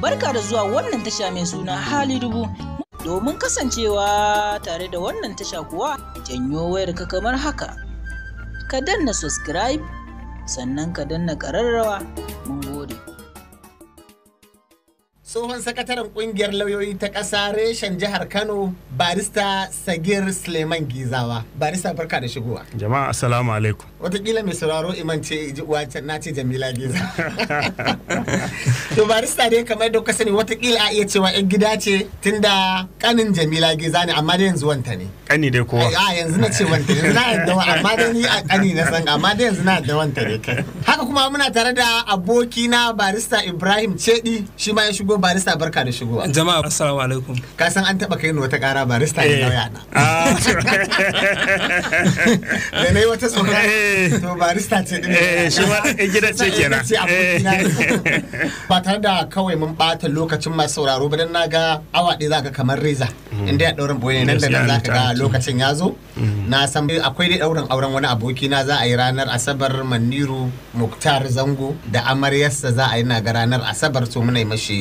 barka da zuwa wannan tasha mai suna hali dubu domin kasancewa tare da wannan tasha kuwa janyo wayar ka kamar haka ka danna subscribe sannan ka danna kararrawa mun gode tsohon sakataren kungiyar lauyoyi ta ƙasa reshen jihar kano barista sagir suleiman gizawa barista barka da shigowa jama'a assalamu alaikum watakila mai sauraro iman ce wacan na ce jamila giza to barista dai kamar da sani watakila a iya cewa yan gida ce tunda kanin jamila giza ne amma dai yanzu wanta ne kani dai kowa a yanzu na ce wanta yanzu na yadda amma dai ni a kani na san amma dai yanzu na yadda wanta ne kai haka kuma muna tare da aboki na barista ibrahim cedi shi ma ya shigo barista barka da shigowa jama'a assalamu alaikum ka san an taba kai ni wata kara barista ne eh. nauya na ah. da na yi wata tsokana eh. Eh, eh, ce ma ce eh. ba tare da kawai mun bata lokacin masu sauraro ba na naga awa ɗaya zaka kamar reza mm. inda ya ɗaurin boye nan da nan zaka ga lokacin ya zo mm. na san akwai dai ɗaurin auren wani aboki na za a yi ranar asabar maniru muktar zango da amaryarsa za a yi na ga ranar asabar to muna yi mashi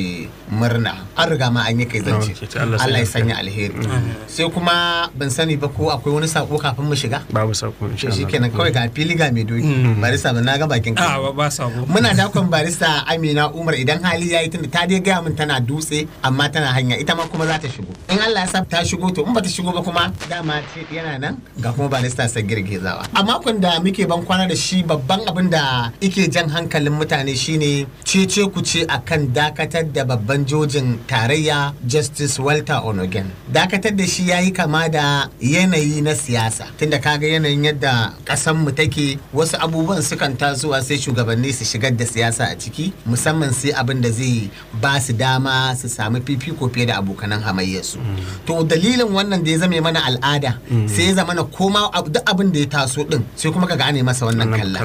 murna an riga ma an yi kai zance Allah ya sanya alheri mm. sai kuma ban sani ba ko akwai wani sako kafin mu shiga babu sako shi kenan kawai ga filiga mai doki mm. barista ba na ga bakin ka ah, ba sabo muna dakon barista Amina Umar idan hali yayi tunda ta dai ga mun tana dutse amma tana hanya ita ma kuma za ta shigo in Allah ya sa ta shigo to in ta shigo ba kuma dama ce yana nan ga kuma barista sa girgizawa a makon da muke ban kwana da shi babban abin da ike jan hankalin mutane shine cece ku ce akan dakatar da babban jojin tarayya Justice Walter Onogen dakatar da shi yayi kama da yanayi na siyasa tunda kaga yanayin yadda kasan mu take yake wasu abubuwan sukan tasowa sai shugabanni su shigar da siyasa a ciki musamman sai abin da zai ba su dama su samu fifiko fiye da abokanan hamayyarsu mm. to dalilin wannan da ya zame mana al'ada mm. sai ya zama koma duk abin da ya taso din sai kuma kaga ne masa wannan kalla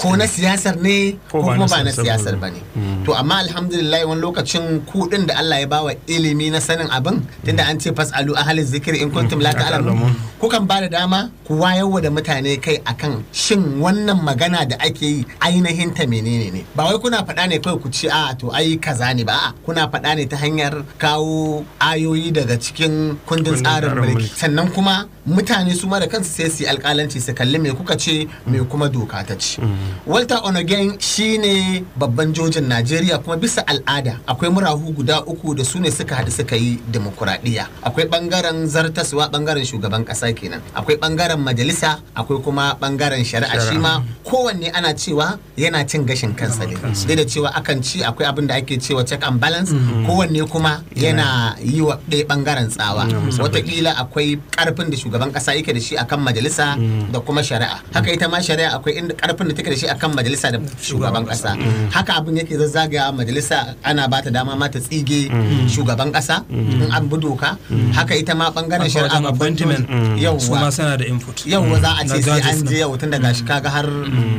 ko na siyasar ne ko kuma ba na siyasar bane to amma alhamdulillah wani lokacin kuɗin da Allah ya bawa ilimi na sanin abin tunda an ce fasalu ahli zikri in kuntum la mm. ta'lamun kukan ba da dama ku wayarwa da mutane kai akan shin wannan magana da ake yi ainihin ta menene ne ba wai kuna faɗa ne kawai ku ci a to ai kaza ne ba a kuna faɗa ne ta hanyar kawo ayoyi daga cikin kundin tsarin mulki sannan kuma mutane su ma kansu sai su yi alƙalanci su kalli me kuka ce mai kuma doka ta ce walter shi shine babban jojin najeriya kuma bisa al'ada akwai murahu guda uku da su ne suka haɗu suka yi demokuraɗiyya akwai ɓangaren zartaswa ɓangaren shugaban ƙasa kenan akwai ɓangaren majalisa akwai kuma ɓangaren shari'a shi ma kowanne ana cewa yana cin gashin kansa ne dai da cewa akan ci akwai abin da ake cewa check and balance mm-hmm. kowanne kuma yana yi wa ɗaya ɓangaren tsawa wataƙila akwai ƙarfin da shugaban shugaban kasa yake da shi akan majalisa mm. da kuma shari'a haka ita ma shari'a akwai inda karfin da take da shi akan majalisa da mm. shugaban kasa mm. haka abin yake zazzaga majalisa ana ba ta dama ma ta tsige shugaban kasa in an bi doka haka ita ma bangaren shari'a su ma sana da input yau za a ce sai an je yau tun daga shi kaga har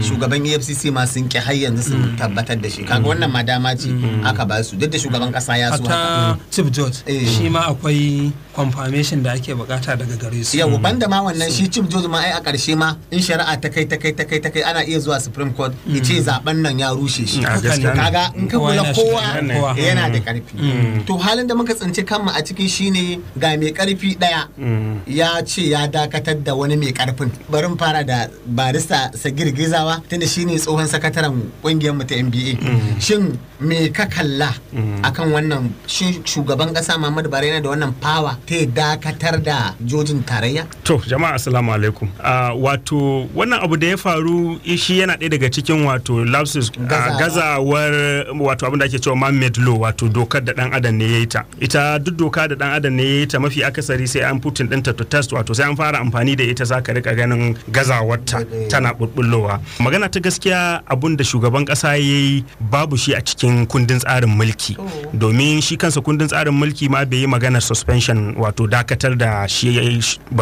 shugaban EFCC ma sun ki har yanzu sun tabbatar da shi kaga wannan ma dama ce aka ba su duk da shugaban kasa ya so haka chief George eh. shi ma akwai confirmation da ake bukata daga gare su yau mm. ban da ma wannan shi mm. chief judge ma ai a ƙarshe ma in shari'a ta kai ta kai ta kai ta kai ana iya zuwa supreme court ya ce mm. zaben nan ya rushe shi kaga in ka kula kowa yana da karfi to halin da muka tsinci kanmu a ciki shine ga mai karfi ɗaya. ya ce ya dakatar da wani mai karfin barin fara da barista sagir gizawa tunda shine tsohon sakataren ƙungiyar mu ta NBA shin me ka kalla akan wannan shin shugaban kasa Muhammadu bari yana da wannan fawa ta dakatar da jojin tarayya Kenya? To jama'a assalamu alaikum. Uh, wato wannan abu da ya faru shi yana ɗaya daga cikin wato lapsus uh, ah, gazawar wato abin da ake cewa man-made law wato dokar da dan adam ne ya yi ta. Ita duk doka da dan adam ne ya yi ta mafi akasari sai an putin ɗinta to test wato sai an fara amfani da ita za ka rika ganin gazawar ta tana ɓulɓullowa. Magana ta gaskiya abun da shugaban ƙasa ya yi babu shi a cikin kundin tsarin mulki. Domin shi kansa kundin tsarin mulki ma bai yi magana suspension wato dakatar da shi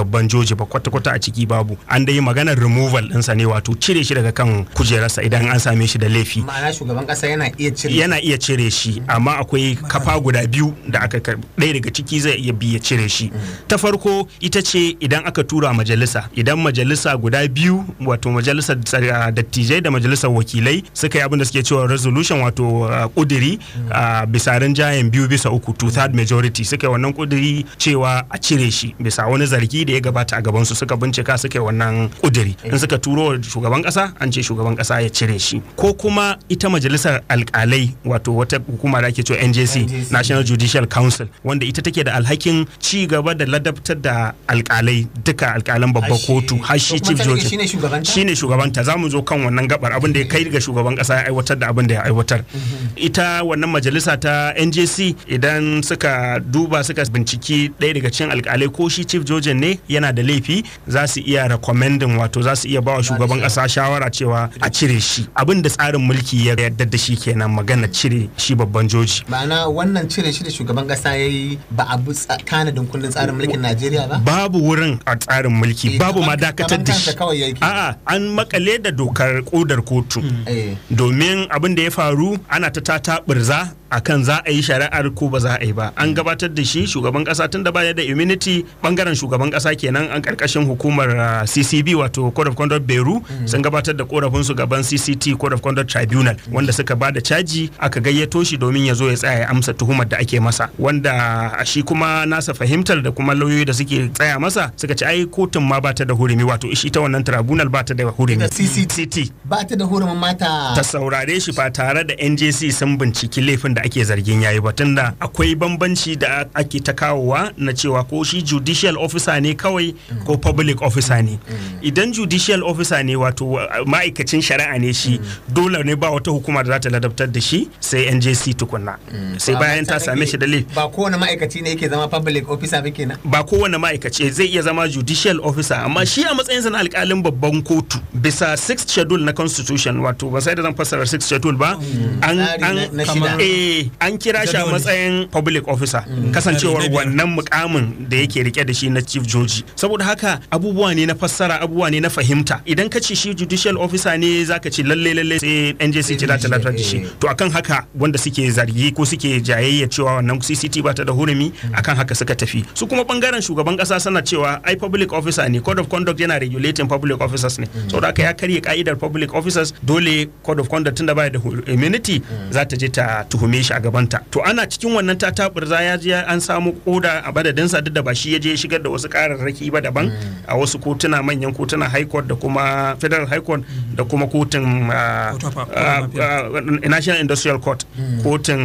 babban joji ba kwata-kwata a ciki babu an dai maganar removal ɗinsa ne wato cire shi daga kan kujerarsa idan an same shi da laifi ma'ana shugaban ƙasa yana iya cire yana iya cire shi amma akwai kafa guda biyu da aka ɗaya daga ciki zai iya biya cire shi mm. ta farko ita ce idan aka tura majalisa idan majalisa guda biyu wato Majalisa dattijai da majalisar wakilai suka yi abin da suke cewa resolution wato kudiri mm. bisa rinjayen biyu bisa uku two third majority suka yi wannan kudiri cewa a cire shi bisa wani zargi da ya gabata a gabansu suka bincika suka yi wannan kuduri eh. in suka turo wa shugaban kasa an ce shugaban kasa ya cire shi ko kuma ita majalisar alkalai wato wata hukuma da ake cewa NJC National Judicial Council wanda ita take da alhakin ci gaba da ladabtar da alkalai duka alkalan babbar kotu har shi chief judge shine ta zamu zo kan wannan gabar abin da ya kai ga shugaban kasa ya aiwatar da abin da ya aiwatar mm-hmm. ita wannan majalisa ta NJC idan suka duba suka binciki ɗaya daga cikin alkalai ko shi chief judge ne yana da laifi za su iya recommending wato za su iya bawa shugaban kasa shawara cewa a cire shi abin da tsarin mulki ya yarda da shi kenan magana cire shi babban joji ma'ana wannan cire shi da shugaban kasa ya yi ba a bi tanadin kundin tsarin mulkin Najeriya ba babu wurin a tsarin mulki eh, babu ma dakatar da shi a'a an makale da dokar kodar kotu mm, eh. domin abin da ya faru ana ta ta birza akan za a yi shari'ar ko ba za a yi ba an gabatar da shi shugaban kasa tun da baya da immunity bangaren shugaban kasa kenan an karkashin hukumar uh, CCB wato Code of Conduct Beru mm. sun gabatar da korafin su gaban CCT Code of Conduct Tribunal wanda suka ba da caji aka gayyato shi domin ya zo ya tsaya ya amsa tuhumar da ake masa wanda uh, shi kuma nasa fahimtar da kuma lauyoyi da suke tsaya masa suka ci ai kotun ma ba ta da hurumi wato ishi ta wannan tribunal ba ta da hurumi CCT ba ta da hurumin mata ta saurare shi ba tare da NJC sun binciki laifin da ake zargin yayi ba tunda akwai bambanci da ake ta kawowa na cewa ko shi judicial officer ne kawai ko public officer ne idan judicial officer ne wato ma'aikacin shari'a ne shi dole ne ba wata hukuma da za ta ladabtar da shi sai NJC tukunna mm. sai bayan ta same shi da laifi ba kowane ma'aikaci ne yake zama public officer ba kenan ba kowane ma'aikaci zai iya zama judicial officer amma shi a matsayinsa na alkalin babban kotu bisa 6th schedule na constitution wato ba sai da zan fassara 6th schedule ba mm. an an an kira shi a matsayin public officer mm. kasancewar wannan mukamin da yake rike da shi na chief joji saboda haka abubuwa ne na fassara abubuwa ne na fahimta idan ka ce shi judicial officer ne zaka ce lalle lalle sai NJC ce za ta da shi to akan haka wanda suke zargi ko suke jayayya cewa wannan CCT ba ta da hurumi mm. akan haka suka tafi su kuma bangaren shugaban kasa sana cewa ai public officer ne code of conduct yana regulating public officers ne mm. saboda haka ya karye ka'idar public officers dole code of conduct tunda ba da immunity za ta je ta tuhumi neme shi a gabanta to ana cikin wannan za ya je an samu koda a badadinsa duk da ba shi ya je shigar da wasu kararraki ba daban mm. a wasu kotuna manyan kotuna high court da kuma federal high court mm. da kuma kotun uh, uh, uh, national industrial court mm. kotun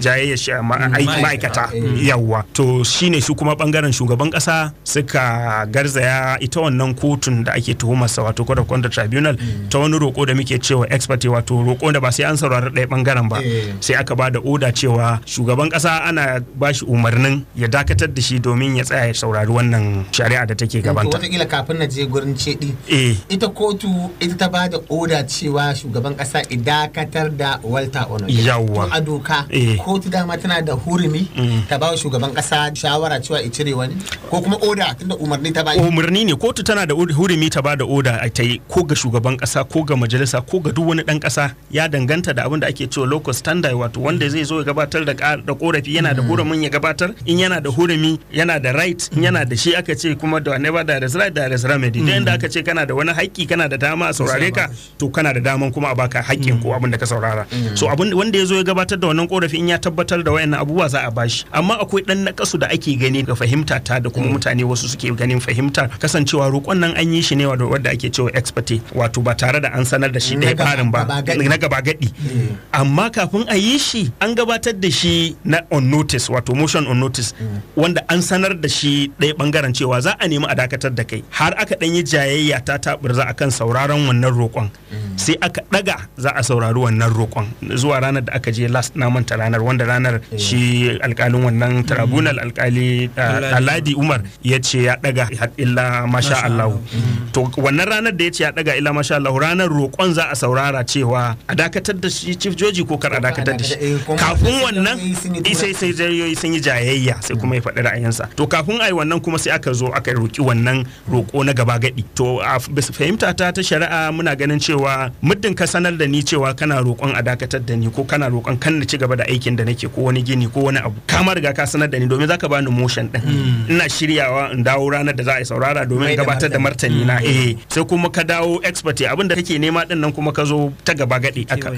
jayayyar ma'aikata eh. yawwa to shine su kuma bangaren shugaban kasa suka garzaya ita wannan kotun da ake tuhumarsa wato court of conduct tribunal ta wani roko da muke cewa expert wato roko da ba sai an saurari ɗaya bangaren ba eh. sai aka ba da oda cewa shugaban kasa ana ba shi umarnin ya dakatar da shi domin ya tsaya ya saurari wannan shari'a da take gabanta wataƙila kafin na je gurin cedi eh. ita kotu ita ta ba da oda cewa shugaban kasa ya dakatar da walter onoke yawwa a doka eh. kotu dama tana da hurumi mm. ta ba shugaban kasa shawara cewa i cire wani ko kuma oda tunda umarni ta ba umarni ne kotu tana da hurumi ta ba da oda ta yi ko ga shugaban kasa ko ga majalisa ko ga duk wani dan kasa ya danganta da abin da ake cewa local standard wato wanda zai zo ya gabatar da korafi yana da horamin hmm. ya gabatar in yana da hurumi yana da right in yana da shi aka ce kuma da never da is right that is remedy hmm. da aka ce kana da wani haƙƙi kana da dama a saurare ka to kana da daman kuma a baka haƙƙin ko hmm. abin da ka saurara so abin wanda ya zo ya gabatar da wannan korafi in ya tabbatar da wayannan abubuwa za a bashi amma akwai dan nakasu da ake gani ga fahimta ta da kuma mutane wasu suke ganin fahimta kasancewa roƙon nan an yi shi ne wanda ake cewa expert wato ba tare da an sanar da shi ɗaya ba na gaba gadi amma kafin a yi shi an gabatar da shi na on notice wato motion on notice wanda an sanar da shi ɗaya bangaren cewa za a nemi a dakatar da kai har aka ɗan yi jayayya ta taɓurza kan sauraron wannan roƙon sai aka ɗaga za a saurari wannan roƙon zuwa ranar da aka je last na manta ranar wanda ranar shi alƙalin wannan tribunal alƙali aladi umar ya ce ya ɗaga illa masha allahu to wannan ranar da ya ce ya ɗaga illa masha allahu ranar roƙon za a saurara cewa a dakatar da shi chief joji ko kar a dakatar da shi Eh, kafin wannan sai sai jariyoyi sun yi jayayya sai kuma ya faɗi ra'ayinsa to kafin ai wannan kuma sai aka zo aka roki wannan roko na gaba gadi to a bisa fahimta ta ta shari'a muna ganin cewa muddin ka sanar da ni cewa kana roƙon a dakatar da ni ko kana roƙon kan na ci gaba da aikin da nake ko wani gini ko wani abu kamar ga ka sanar da ni domin zaka bani motion din hmm. ina shiryawa in dawo ranar da za a yi saurara domin gabatar da martani na hmm. eh sai kuma ka dawo expert eh, abin da kake nema din nan kuma ka zo ta gaba gadi aka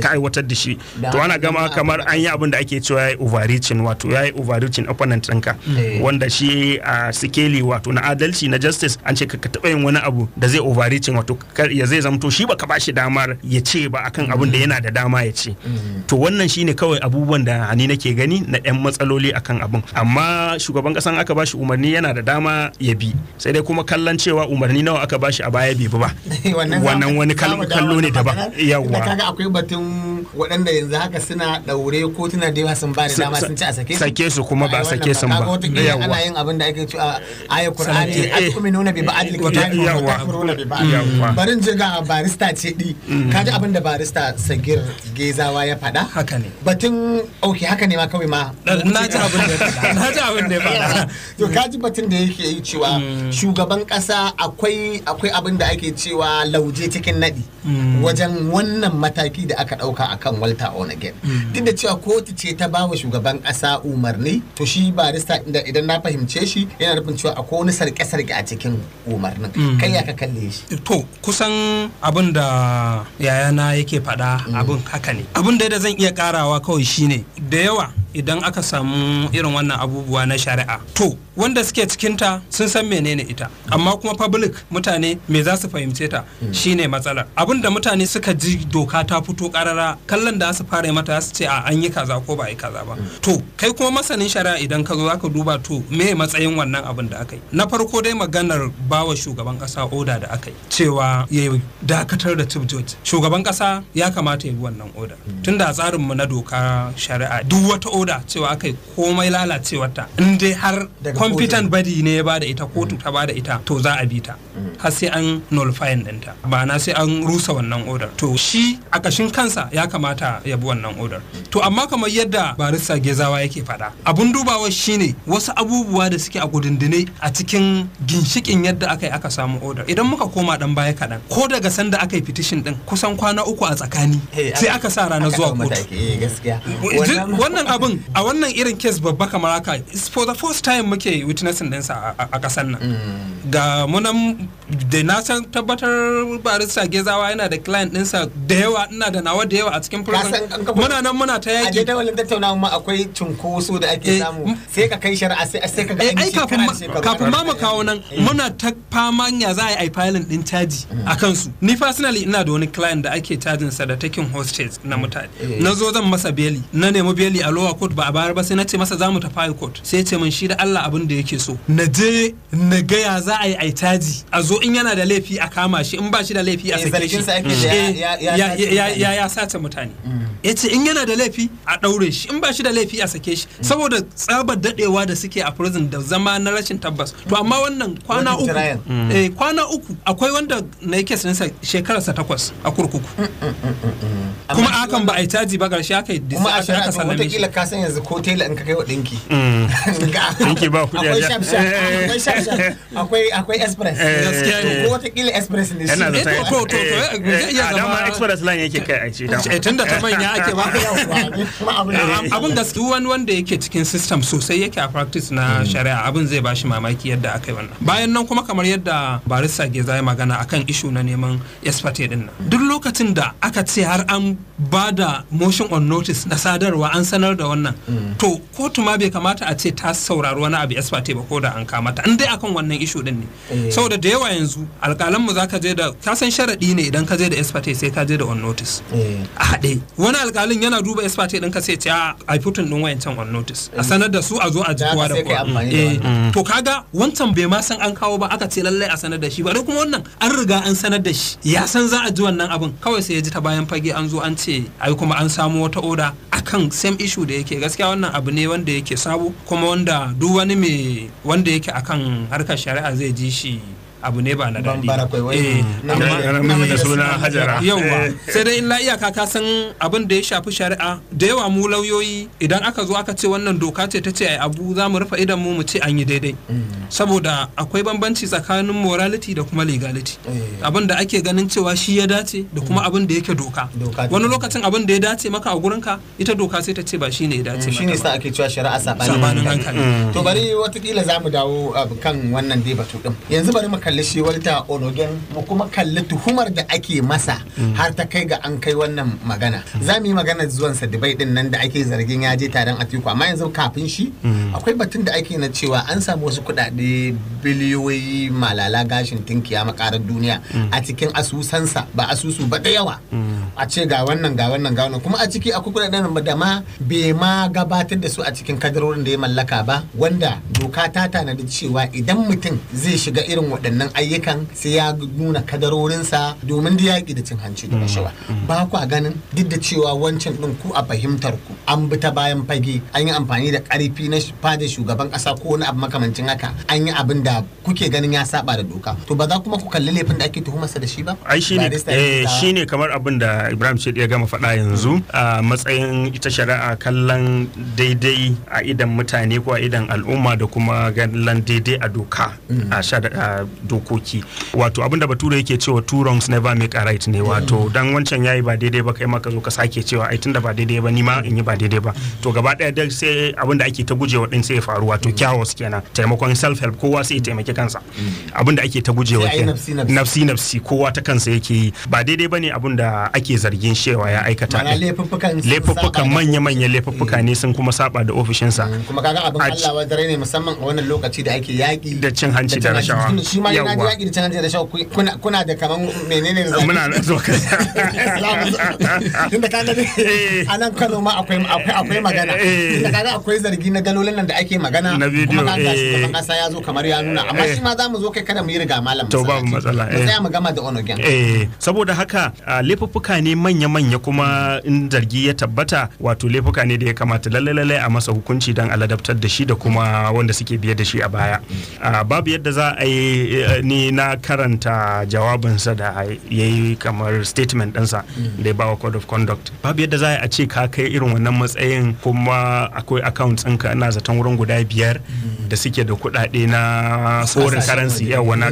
ka aiwatar da shi to ana gama kamar an yi abin da ake cewa yi overreaching wato ya yi overreaching opponent ɗinka eh. wanda shi a sikeli wato na adalci na justice an ce ka taɓa yin wani abu da zai overreaching wato ya zai zamto shi baka ba shi damar ya ce ba akan abin da mm. yana da dama ya ce mm. to wannan ne kawai abubuwan da hani nake gani na yan matsaloli akan abin amma shugaban kasan aka ba shi umarni yana da dama ya bi sai dai kuma kallon cewa umarni nawa aka ba shi a baya bai bi ba wannan wani kallo ne daban yawa akwai batun waɗanda yanzu haka suna daure ko tuna da yawa sun ba da dama sun ci a sake su sake su kuma ba sake su ba yawa ana yin abin da ake cewa aya qur'ani atu'minuna bi ba'dil kitabi wa takfuruna bi ba'd barin je ga barista ce di mm. kaji abin da barista sagir gezawa ya fada haka ne batun okay haka ne ma kawai ma na ji abin da na ji abin da ya faɗa to kaji batun da yake yi cewa mm. shugaban kasa akwai akwai abin da ake cewa lauje cikin nadi mm. wajen wannan mataki da aka dauka akan Walter again Mm. duk da cewa kotu ce ta bawa shugaban ƙasa umarni to shi barista idan na fahimce shi yana nufin cewa akwai wani sarke-sarke a cikin umarnin mm. kai ya ka kalle shi to kusan abin da yayana yake faɗa mm. abin haka ne abin da zan iya karawa kawai shine da yawa idan aka samu irin wannan abubuwa na shari'a to wanda suke cikinta sun san menene ita amma kuma public mutane me za su fahimce ta shine matsalar abin da mutane suka ji doka ta fito karara kallon da su fara kamata su ce a an yi kaza ko ba a yi kaza ba to kai kuma masanin shari'a idan ka zo zaka duba to me matsayin wannan abin da aka yi na farko dai maganar bawa shugaban kasa oda da aka yi cewa ya dakatar da tip judge shugaban kasa ya kamata ya bi wannan oda tunda tsarin mu na doka shari'a duk wata oda cewa aka yi komai lalacewarta in dai har competent body ne ya bada ita kotu ta bada ita to za a bi ta har sai an nullifying ɗinta ba na sai an rusa wannan odar to shi a kashin kansa ya kamata ya bi wannan order to amma kamar yadda barista gezawa yake faɗa abun dubawa shine wasu abubuwa da suke a gudundune a cikin ginshikin yadda aka yi aka samu odar idan muka koma dan baya kaɗan ko daga sanda aka yi petition din kusan kwana uku a tsakani eh, sai aka sa ranar zuwa kotu eh, wannan abin a wannan irin kes babba kamar haka for the first time muke witnessing dinsa a ƙasar nan mm. ga munan da na san tabbatar barista gezawa yana da client ɗinsa da yawa ina da nawa da yawa a cikin prison muna nan muna ta yaki a jadawalin tattauna ma akwai cunkoso da ake eh, samu mm. sai ka kai shari'a sai ka ga eh, ai kafin kafin ma mu kawo nan eh. muna ta fama ya za a yi filing din caji mm. a kansu ni personally ina da wani client da ake cajin sa da taking hostage na mutane na zo zan masa beli na nemi beli a lower court ba a bayar ba sai na ce masa za mu file court sai ce min shi da Allah abin da yake so na je na ga ya za a yi ai caji a zo in yana da laifi a kama shi in ba shi da laifi a sake shi mm. ya ya sace mutane yace in yana da laifi a ɗaure shi in ba shi da laifi a sake shi mm. saboda tsabar dadewa da suke a prison da zama na rashin tabbas to amma wannan kwana uku eh mm. kwana uku akwai wanda na yake shekarar shekararsa takwas a kurkuku mm, kuma akan ba a yi caji ba ƙarshe aka yi kuma a shi. kuma wataƙila ka san yanzu ko tela in ka kai wa ɗinki ɗinki ba kuɗi akwai shaf eh. shaf akwai akwai express eh. gaskiya ne ko wataƙila express ne shi eh, to to to ya zama express line yake kai a ce tunda ta manya ake ba abin da su wani wanda yake cikin system sosai yake a practice na hmm. shari'a abin zai bashi mamaki yadda aka yi wannan bayan nan kuma kamar yadda barista geza zai magana akan ishu na neman espate din nan duk lokacin da aka ce har an ba da motion on notice na sadarwa an sanar da wannan hmm. to kotu ma bai kamata a ce ta saurari wani abu espate ba ko da an kama in dai akan wannan ishu din ne eh. saboda da yawa yanzu alƙalan mu zaka je da ka san sharadi ne idan ka je da espate sai ka je da on notice eh. a haɗe wani alƙalin misalin yana duba expert din ka sai ce a ah, putin din wayancan on notice a sanar da su a zo a jikuwa da kuwa eh. mm. to kaga wancan bai ma san an kawo ba aka ce lallai a sanar da shi ba dai kuma wannan an riga an sanar da shi ya san za a ji wannan abin kawai sai ya ji ta bayan fage an zo an ce ai kuma an samu wata oda akan same issue da yake gaskiya wannan abu ne wanda yake sabo kuma wanda duk wani mai wanda yake akan harkar shari'a zai ji shi abu ne ba na daɗi eh, mm. amma da suna hajara yawa eh. sai dai illa iyaka ka san abin da ya shafi shari'a da yawa mu lauyoyi idan aka zo aka ce wannan doka ce ta ce ai abu za mu rufe idan mu mu ce an yi daidai mm. saboda akwai bambanci tsakanin morality da kuma legality eh. abin da ake ganin cewa shi ya dace da kuma mm. abin da yake doka wani lokacin abin da ya dace maka a gurin ka ita doka sai ta ce ba shi ya dace shine sa ake cewa shari'a sabanin hankali to bari watakila za mu dawo uh, kan wannan dai batu din yanzu bari mu kalli shi walta orogen mu kuma kalli tuhumar da ake masa mm. har ta kai ga an kai wannan magana mm. za mu yi magana zuwan sa dubai din nan da ake zargin ya je taron atiku amma yanzu kafin shi mm. akwai batun da ake na cewa an samu wasu kuɗaɗe biliyoyi malala gashin tinkiya makarar duniya a cikin asusansa ba asusu ba da yawa a ce ga wannan ga wannan ga wannan kuma a ciki akwai kuɗaɗen da ma bai ma gabatar da su a cikin kadarorin da ya mallaka ba wanda doka ta tanadi cewa idan mutum zai shiga irin waɗannan waɗannan ayyukan sai ya nuna kadarorinsa domin da yaƙi da cin hanci da rashawa mm, mm. ba ku a ganin duk da cewa wancan ɗin ku a fahimtar ku an bi ta bayan fage an yi amfani da ƙarfi na fada shugaban ƙasa ko wani abu makamancin haka an yi abin da kuke ganin ya saba da doka to ba za kuma ku kalli laifin da ake tuhumarsa da shi ba ai shine eh, kamar abin da Ibrahim Shedi ya gama faɗa yanzu mm. a matsayin ita shari'a kallon daidai a idan mutane ko a idan al'umma da kuma kallon daidai a doka a dokoki wato abin da bature yake cewa two wrongs never make a right ne wato dan wancan yayi ba daidai ba kai maka zo ka sake cewa ai tunda ba daidai ba ni ma in yi ba daidai ba to gaba daya da sai da ake ta gujewa din sai ya faru wato kyawos kenan taimakon self help kowa sai ya taimaki kansa mm. Abin da ake ta gujewa kenan nafsi nafsi kowa ta kansa yake yi ba daidai bane da ake zargin shewa ya aikata laifuffukan manya manya laifuffuka ne sun kuma saba da ofishinsa mm, kuma kaga abin Allah wa dare ne musamman a wannan lokaci da ake yaki da cin hanci da rashawa ma na da cin da shau kuna da kaman menene ne. muna nan zo kai tunda ka ga eh. a nan Kano ma akwai akwai magana eh. tunda ka ga akwai zargi na dalolin nan da ake magana na bidiyo eh kasa ya zo kamar ya nuna amma eh. shi ma za mu zo kai kada mu yi riga malam to babu matsala eh sai mu gama da onogen eh saboda haka laifuffuka ne manya-manya kuma in zargi ya tabbata wato laifuka ne da ya kamata lalle lalle a masa hukunci don aladabtar da shi da kuma wanda suke biye da shi a baya babu yadda za a yi ni na karanta jawabinsa da ya yi kamar statement ɗinsa da ya bawa code of conduct babu yadda za a ce ka kai irin wannan matsayin kuma akwai account ɗinka ina zaton wurin guda biyar da suke da kuɗaɗe na foreign currency yawa na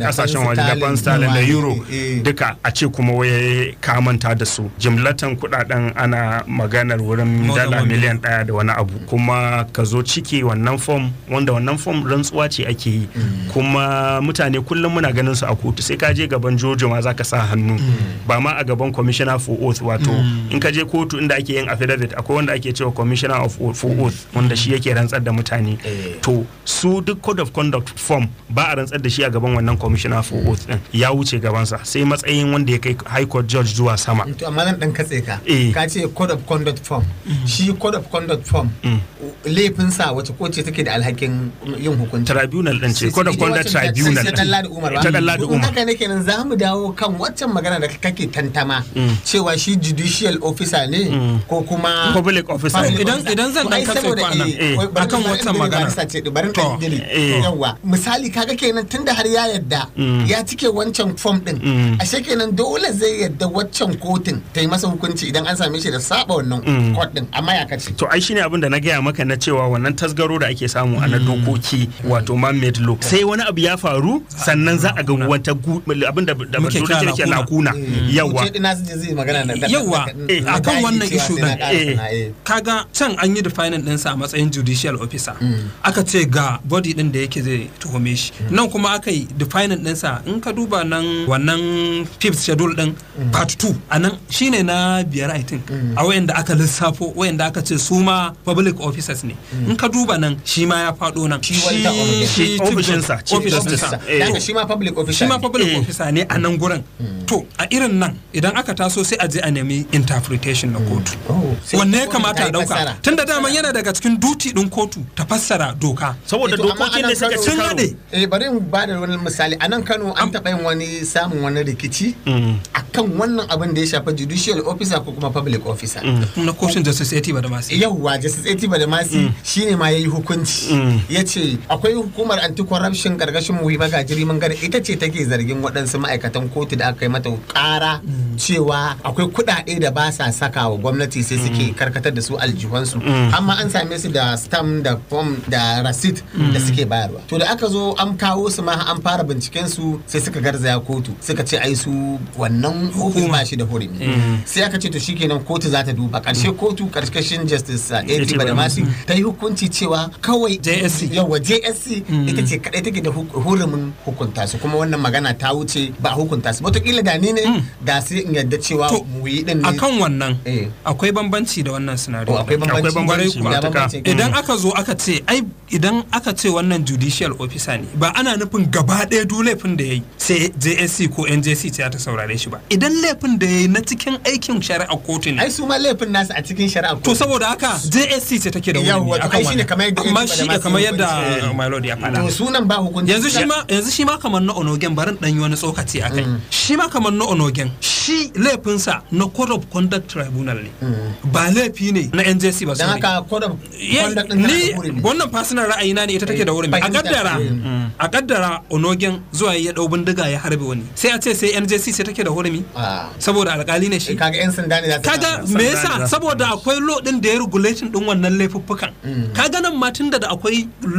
kasashen waje da pan da euro eh, eh. duka a ce kuma waye ka manta da su jimlatan kuɗaɗen ana maganar wurin dala miliyan ɗaya da wani abu kuma ka zo ciki wannan form wanda wannan fom rantsuwa ce ake yi mm. kuma mutane kullum muna ganin su a kotu sai ka je gaban jojo ma zaka sa hannu mm. ba ma a gaban commissioner for oath wato mm. in ka je kotu inda ake yin affidavit akwai wanda ake cewa commissioner of for oath wanda shi yake rantsar da mutane eh. to su duk code of conduct form ba a rantsar da shi a gaban wannan commissioner for oath din ya wuce gabansa sai matsayin wanda ya kai high court judge zuwa sama to amma nan dan katse ka eh. ka ce code of conduct form mm. shi code of conduct form laifin sa wace kotu take da alhakin yin hukunci tribunal din ce code of conduct tribunal ta Ladi umar ba haka ne za mu dawo kan waccan magana da kake tantama mm. cewa shi judicial officer ne mm. ko kuma public officer idan idan zan dan eh, eh. akan waccan magana bari eh. yawa misali kaga kenan tunda har ya yadda mm. ya cike wancan form din ashe kenan dole zai yadda waccan kotun ta yi masa hukunci idan an same shi da saba wannan court din amma ya kace to ai shine abin da na gaya maka na cewa wannan tasgaro da ake samu a na dokoki wato man law sai wani abu ya faru gyaru sannan za a ga wata abin da bature ke lakuna yawa yawa a kan wannan isu din eh. Eh. kaga can an yi defining dinsa a matsayin judicial officer mm. aka ce ga body din da yake zai tuhume shi mm. nan kuma aka yi defining dinsa in ka duba nan wannan fifth schedule din mm. part 2 a nan shine na biyar i think a wayanda aka lissafo wayanda aka ce su ma public officers ne in ka duba nan shi ma ya faɗo nan shi ofishinsa Eh. dan shi ma public officer shi ma public eh. officer ne a nan gurin hmm. to a irin nan idan aka taso sai a je a nemi interpretation na hmm. kotu oh, wanne ya kamata a dauka tunda dama yana daga cikin duty din kotu ta fassara doka saboda eh, dokokin ne suka cin hade eh bari in ba da wani misali a nan Kano an taɓa yin wani samun wani rikici hmm. akan wannan abin da ya shafi judicial officer ko kuma public officer na kotun justice eti badamasi yawwa justice eti badamasi shine ma yayi hukunci yace akwai hukumar anti corruption gargashin muhimmar gajiri mun gada ita ce take zargin waɗansu ma'aikatan kotu da aka yi mata ƙara mm. cewa akwai kuɗaɗe da ba sa saka wa gwamnati sai mm. suke karkatar da su aljihunsu mm. amma an same su da stam da form da rasit da suke bayarwa to da aka zo an kawo su ma an fara binciken su sai suka garzaya kotu suka ce ai su wannan hukuma shi da hurumi sai aka ce to shikenan kotu za ta duba karshe kotu karkashin justice uh, A.T. Badamasi ta yi hukunci cewa kawai JSC yawa JSC ita ce kadai take da hurumin hukunta su kuma wannan magana ta wuce ba a hukunta su wataƙila da ni ne hmm. da sai in yadda cewa mu yi din ne akan wannan eh. akwai bambanci da wannan sinari oh, akwai bambanci eh. idan aka zo aka ce ai idan aka ce wannan judicial officer ne ba ana nufin gaba ɗaya duk laifin da ya yi sai JSC ko NJC ta ta saurare shi ba idan laifin da ya yi na cikin aikin shari'a kotu ne ai su ma laifin nasu a cikin shari'a kotu to saboda haka JSC ce take da wani akan wannan amma shi ne kamar yadda my lord ya faɗa to sunan ba hukunci yanzu shi ma yanzu shi ma kamar na onogen barin ɗanyi wani tsokaci a kai mm. shi ma kamar na onogen shi laifinsa na code of conduct tribunal ne mm. ba laifi ne na njc ba su ne ni wannan fasinar ra'ayina ne ita take da wurin a kaddara mm. a kaddara onogen zuwa ya dau bindiga ya harbe wani sai a ce sai njc sai take da hurumi ah. saboda alkali ne shi eh, kaga yan sanda ne kaga me yasa saboda akwai law din da ya regulation din wannan laifuffukan kaga nan ma tunda da akwai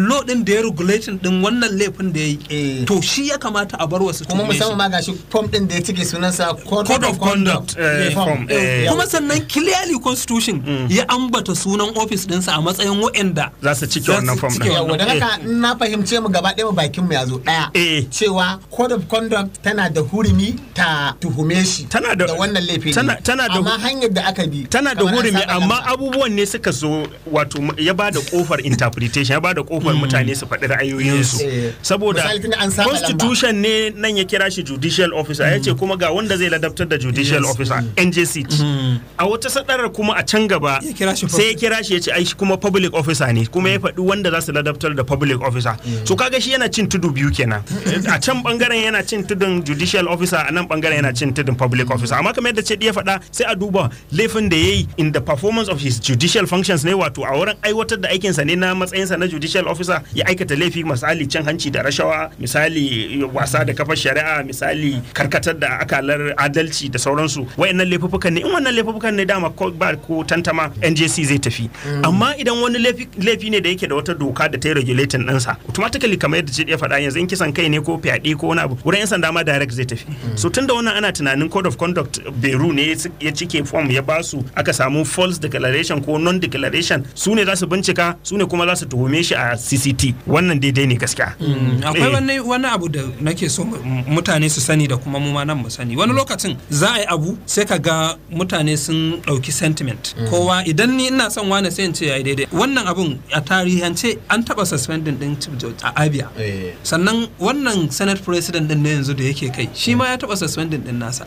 law din da ya regulation din wannan laifin da ya yi Eh. to shi ya kamata a bar wasu kuma musamman ma gashi form din da ya cike sunansa code of conduct eh, eh, kuma sannan clearly constitution mm. ya ambata sunan office dinsa a matsayin wa'anda za su cike wannan form din yawa dan haka na fahimce mu gaba ɗaya bakin mu ya zo daya cewa code of conduct tana da hurumi ta tuhume shi tana da wannan laifi tana da amma hanyar da aka bi tana da hurumi amma abubuwan ne suka zo wato ya bada kofar interpretation ya bada kofar mm. mutane su faɗi ra'ayoyinsu saboda tuni an samu constitution ne nan ya kira shi judicial officer ya ce mm. kuma ga wanda zai ladabtar da judicial officer mm. NJC mm. a wata sadarar kuma a can gaba sai ya kira shi ya ce ai shi kuma public officer ne kuma ya faɗi wanda za su ladabtar da public officer so kaga shi yana cin tudu biyu kenan a can bangaren yana cin tudun judicial officer a nan bangaren yana cin tudun public officer amma kamar yadda ce ya faɗa sai a duba laifin da yayi in the performance of his judicial functions ne wato a wurin aiwatar da aikinsa ne na matsayinsa na judicial officer ya aikata laifi misali can hanci da rashawa misali wasa da kafar shari'a misali karkatar da akalar adalci da sauransu wayannan laifuffukan ne in wannan laifuffukan ne dama ko ba ko tantama NJC zai tafi mm. amma idan wani laifi ne da yake da wata doka da ta yi regulating ɗinsa automatically kamar yadda ce ya faɗa yanzu in kisan kai ne ko fyaɗe ko wani abu wurin 'yan sanda ma direct zai tafi mm. so da wannan ana tunanin code of conduct beru ne ya cike form ya basu aka samu false declaration ko non declaration su ne za su bincika su ne kuma za su tuhume shi a cct wannan daidai ne gaskiya mm. akwai eh. wani abu da nake so mutane su sani da kuma mu ma nan mu sani wani mm. lokacin za a yi abu sai ka ga mutane sun ɗauki sentiment mm. kowa idan ni ina son wani sai in ce yi daidai wannan abun a tarihance an taba suspending din Chief judge a Abia eh. sannan wannan Senate President din na yanzu da yake kai shi mm. ma ya taba suspending din nasa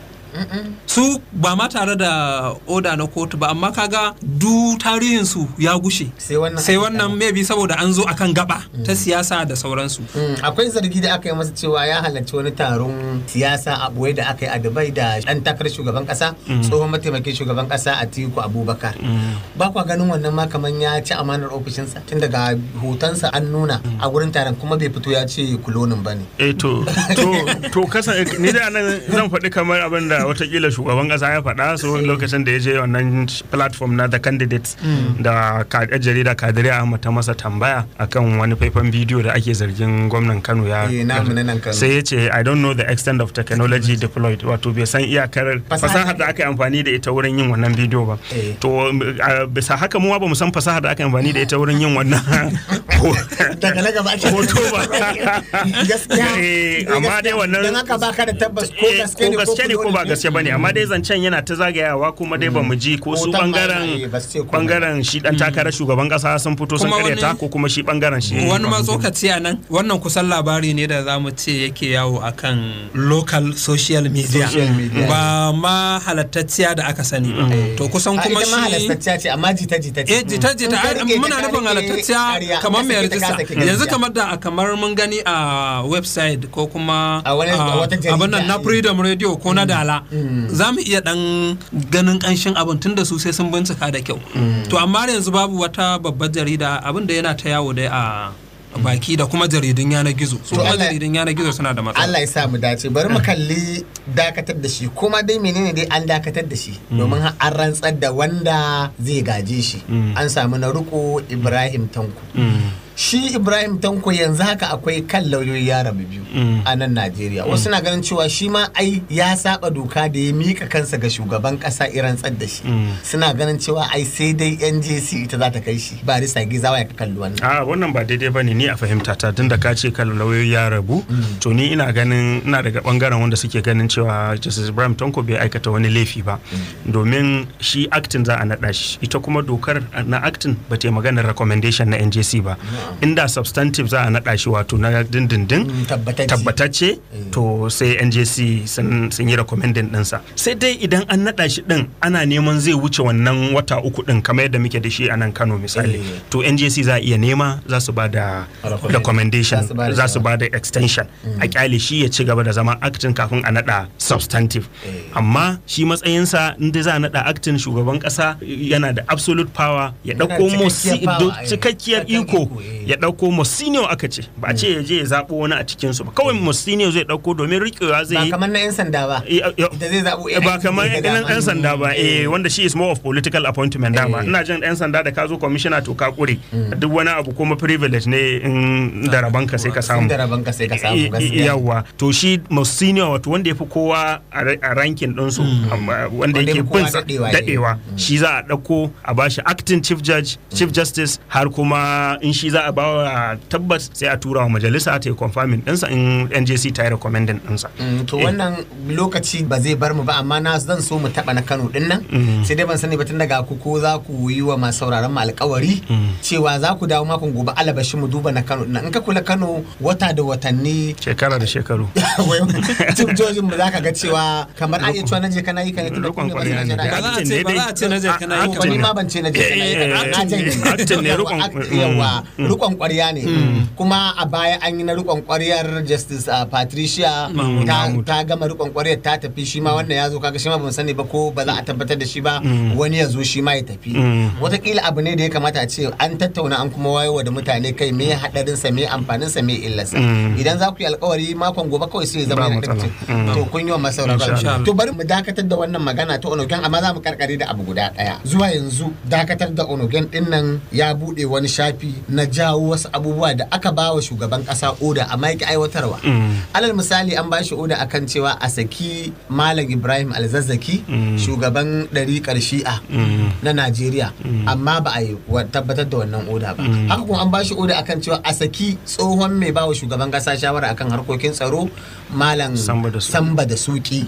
su ba ma tare da oda na kotu ba amma kaga du tarihin su ya gushe sai wannan maybe saboda an zo akan gaba mm. ta siyasa da sauransu mm, akwai zargi da aka yi masa cewa ya halarci wani taron siyasa a boye da aka yi a Dubai da dan takarar shugaban kasa mm. tsohon mataimakin shugaban kasa a tiku Abubakar ba kwa ganin wannan ma kaman ya ci amanar ofishinsa tun daga hotonsa an nuna a gurin taron kuma bai fito ya ce kulonin bane eh to to to kasa ni da nan zan faɗi kamar abin watakila shugaban kasa ya faɗa wani lokacin da ya je wannan platform na the candidates mm. da kaɗe jarida kadiri ahmad ta masa tambaya akan wani faifan bidiyo da ake zargin gwamnan kano ya eh, sai ya ce i don't know the extent of technology deployed wato bai san iyakar fasahar da aka yi amfani da ita wurin yin wannan bidiyo ba eh. to bisa haka mu ba mu san fasahar da aka yi amfani da ita wurin yin wannan hoto ba gaskiya eh, amma dai wannan dan haka baka da tabbas ko gaske ne ko ba gaske bane amma dai zancen yana ta zagayawa kuma dai bamu ji ko su bangaren eh, bangaren shi dan takarar shugaban kasa sun fito sun karyata ko kuma shi bangaren shi wani ma tsokaci a nan wannan kusan labari ne da zamu ce yake yawo akan local social media ba ma halattacciya da aka sani ba eh. to kusan kuma shi halattacciya ce amma jita jita ce eh jita jita mm. muna nufin halattacciya kamar mai rijista yanzu kamar da kamar mun gani a website ko kuma abin nan na freedom radio ko na mm. dala za mu iya dan ganin kanshin abin tunda su sai sun bincika da kyau to amma yanzu babu wata babbar jarida abin da yana ta yawo dai a baki da kuma jaridun yanar gizo su kuma jaridun yanar gizo suna da matsala Allah ya sa mu dace bari mu mm. kalli dakatar da shi kuma dai menene dai an dakatar da shi mm. domin an rantsar da wanda zai gaje shi mm. an samu na riko Ibrahim Tanko shi ibrahim tanko yanzu haka akwai kan lauyoyi ya rabu biyu mm. a nan najeriya wasu mm. na ganin cewa shi ma ai ya saba doka da ya mika kansa ga shugaban kasa iran da shi mm. suna ganin cewa ai sai dai njc ita za ta kai shi ba risa gizawa ya kalli wannan a wannan ba daidai bane ni a fahimta ta tun da ka ce kan lauyoyi ya rabu to ni ina ganin ina daga bangaren wanda suke ganin cewa justice ibrahim tanko bai aikata wani laifi ba domin shi actin za a naɗa shi ita kuma dokar na actin ba ta yi maganar recommendation na njc ba inda substantive za a naɗa shi wato na dindindin mm, tabbatacce mm. to sai njc sun yi recommending ɗinsa sai dai idan an naɗa shi ɗin ana neman zai wuce wannan wata uku ɗin kamar yadda muke da shi a nan kano misali eh. to njc za a iya nema za su ba da recommendation za su ba da extension mm. a kyale shi ya ci gaba da zama actin kafin a naɗa substantive eh. amma shi matsayinsa inda za a naɗa actin shugaban ƙasa yana da absolute power ya ɗauko cikakkiyar eh. iko ya dauko Mosinio aka ce ba ce ya je ya zabo wani a cikin su ba kawai Mosinio zai dauko domin riƙewa zai yi ba kamar na yan sanda ba da zai zabo ba kamar yan sanda ba eh. eh wanda shi is more of political appointment dama eh. ina jin yan sanda da ka zo commissioner to ka kure duk wani abu kuma privilege ne in da rabanka sai ka samu da rabanka sai ka samu gaskiya yawa to shi Mosinio wato wanda yafi kowa a rankin din su hmm. um, wanda yake bin dadewa hmm. shi za a dauko a bashi acting chief judge chief justice har kuma in shi za a ba ya tabbas sai a tura wa majalisa ta yi confirming dinsa in njc ta yi recommending dinsa. Mm, to eh. wannan lokaci ba zai bar mu ba amma na zan so mu taba na kano dinnan. nan mm. sai dai ban sani ba tun daga ku ko za ku yi wa masu sauraron mu alkawari mm. cewa za ku dawo makon gobe alabashin mu duba na kano dinnan. in ka kula kano wata da watanni shekara da shekaru tim mu za ka ga cewa kamar an yi cewa na je kana yi kana yi ba za a ce ba za a ce na je kana yi kan ma ban ce na je kana yi eh, na rikon kwarya ne hmm. Hmm. kuma a baya an yi na rikon kwaryar justice uh, patricia ta gama rikon kwaryar ta tafi shi ma hmm. wannan ya zo kaga shi ma ban sani ba ko ba za a tabbatar da shi ba wani ya zo shi ma ya tafi watakila abu ne da ya kamata a ce an tattauna an kuma wayewa da mutane kai me hadarin sa me amfanin sa me illarsa idan za ku yi alkawari makon gobe kawai sai zama yana rikicin to kun yi wa masaura to bari mu dakatar da wannan magana ta onogen amma za mu karkare da abu guda daya zuwa yanzu dakatar da onogen dinnan ya bude wani shafi na jawo kawo wasu abubuwa da aka ba wa shugaban kasa oda a yake aiwatarwa mm. alal misali an ba shi oda akan cewa a saki malam ibrahim alzazzaki mm. shugaban ɗari shi'a mm. na najeriya amma ba a yi tabbatar da wannan oda ba haka kuma an ba shi oda akan cewa a saki tsohon mai ba wa shugaban kasa shawara akan harkokin tsaro malam samba da suki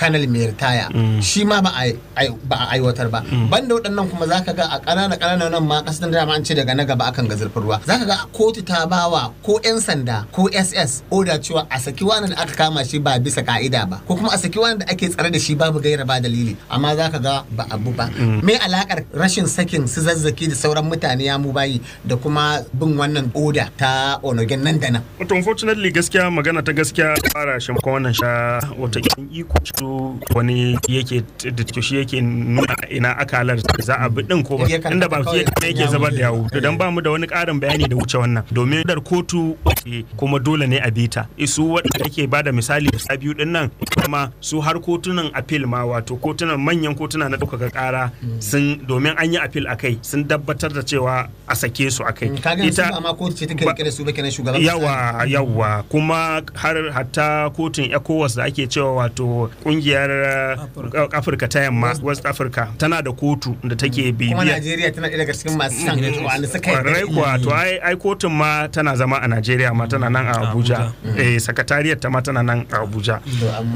kanal mai ritaya shi ma ba a aiwatar ba banda waɗannan kuma zaka ga a ƙanana ƙananan nan ma ƙasar da an ce daga na gaba akan zurfin ruwa za ka ga kotu ta bawa ko 'yan sanda ko ss oda cewa a saki wani da aka kama shi ba bisa ka'ida ba ko kuma a saki wani da ake tsare da shi babu gaira ba dalili amma za ka ga ba abu ba mm. me alakar rashin sakin su zazzaki da sauran mutane ya mu bayi da kuma bin wannan oda ta onogen nan da nan wato unfortunately gaskiya magana ta gaskiya fara shi kuma wannan sha wata iko to wani yake da shi yake nuna ina akalar za a bi din ko ba inda ba yake zabar da yawo to dan ba mu da wani karin bayani bayani da wuce wannan domin dar kotu eh, kuma dole ne a bita eh, su wadda ake bada misali da biyu din nan kuma su har kotunan appeal ma wato kotunan manyan kotuna na ɗaukaka ƙara sun domin an yi appeal a kai sun tabbatar da cewa a sake su a kai mm, ita amma kotu ce ta kirkira su bakin shugaban yawa yawa kuma har hatta kotun ECOWAS da ake cewa wato kungiyar eh, Afirka ta yamma West Africa tana da kotu da take mm. bibiya kuma nigeria tana daga cikin masu san mm. da suka yi ai kotun ma tana zama a Najeriya ma tana nan a Abuja eh sakatariyar ta ma tana nan a Abuja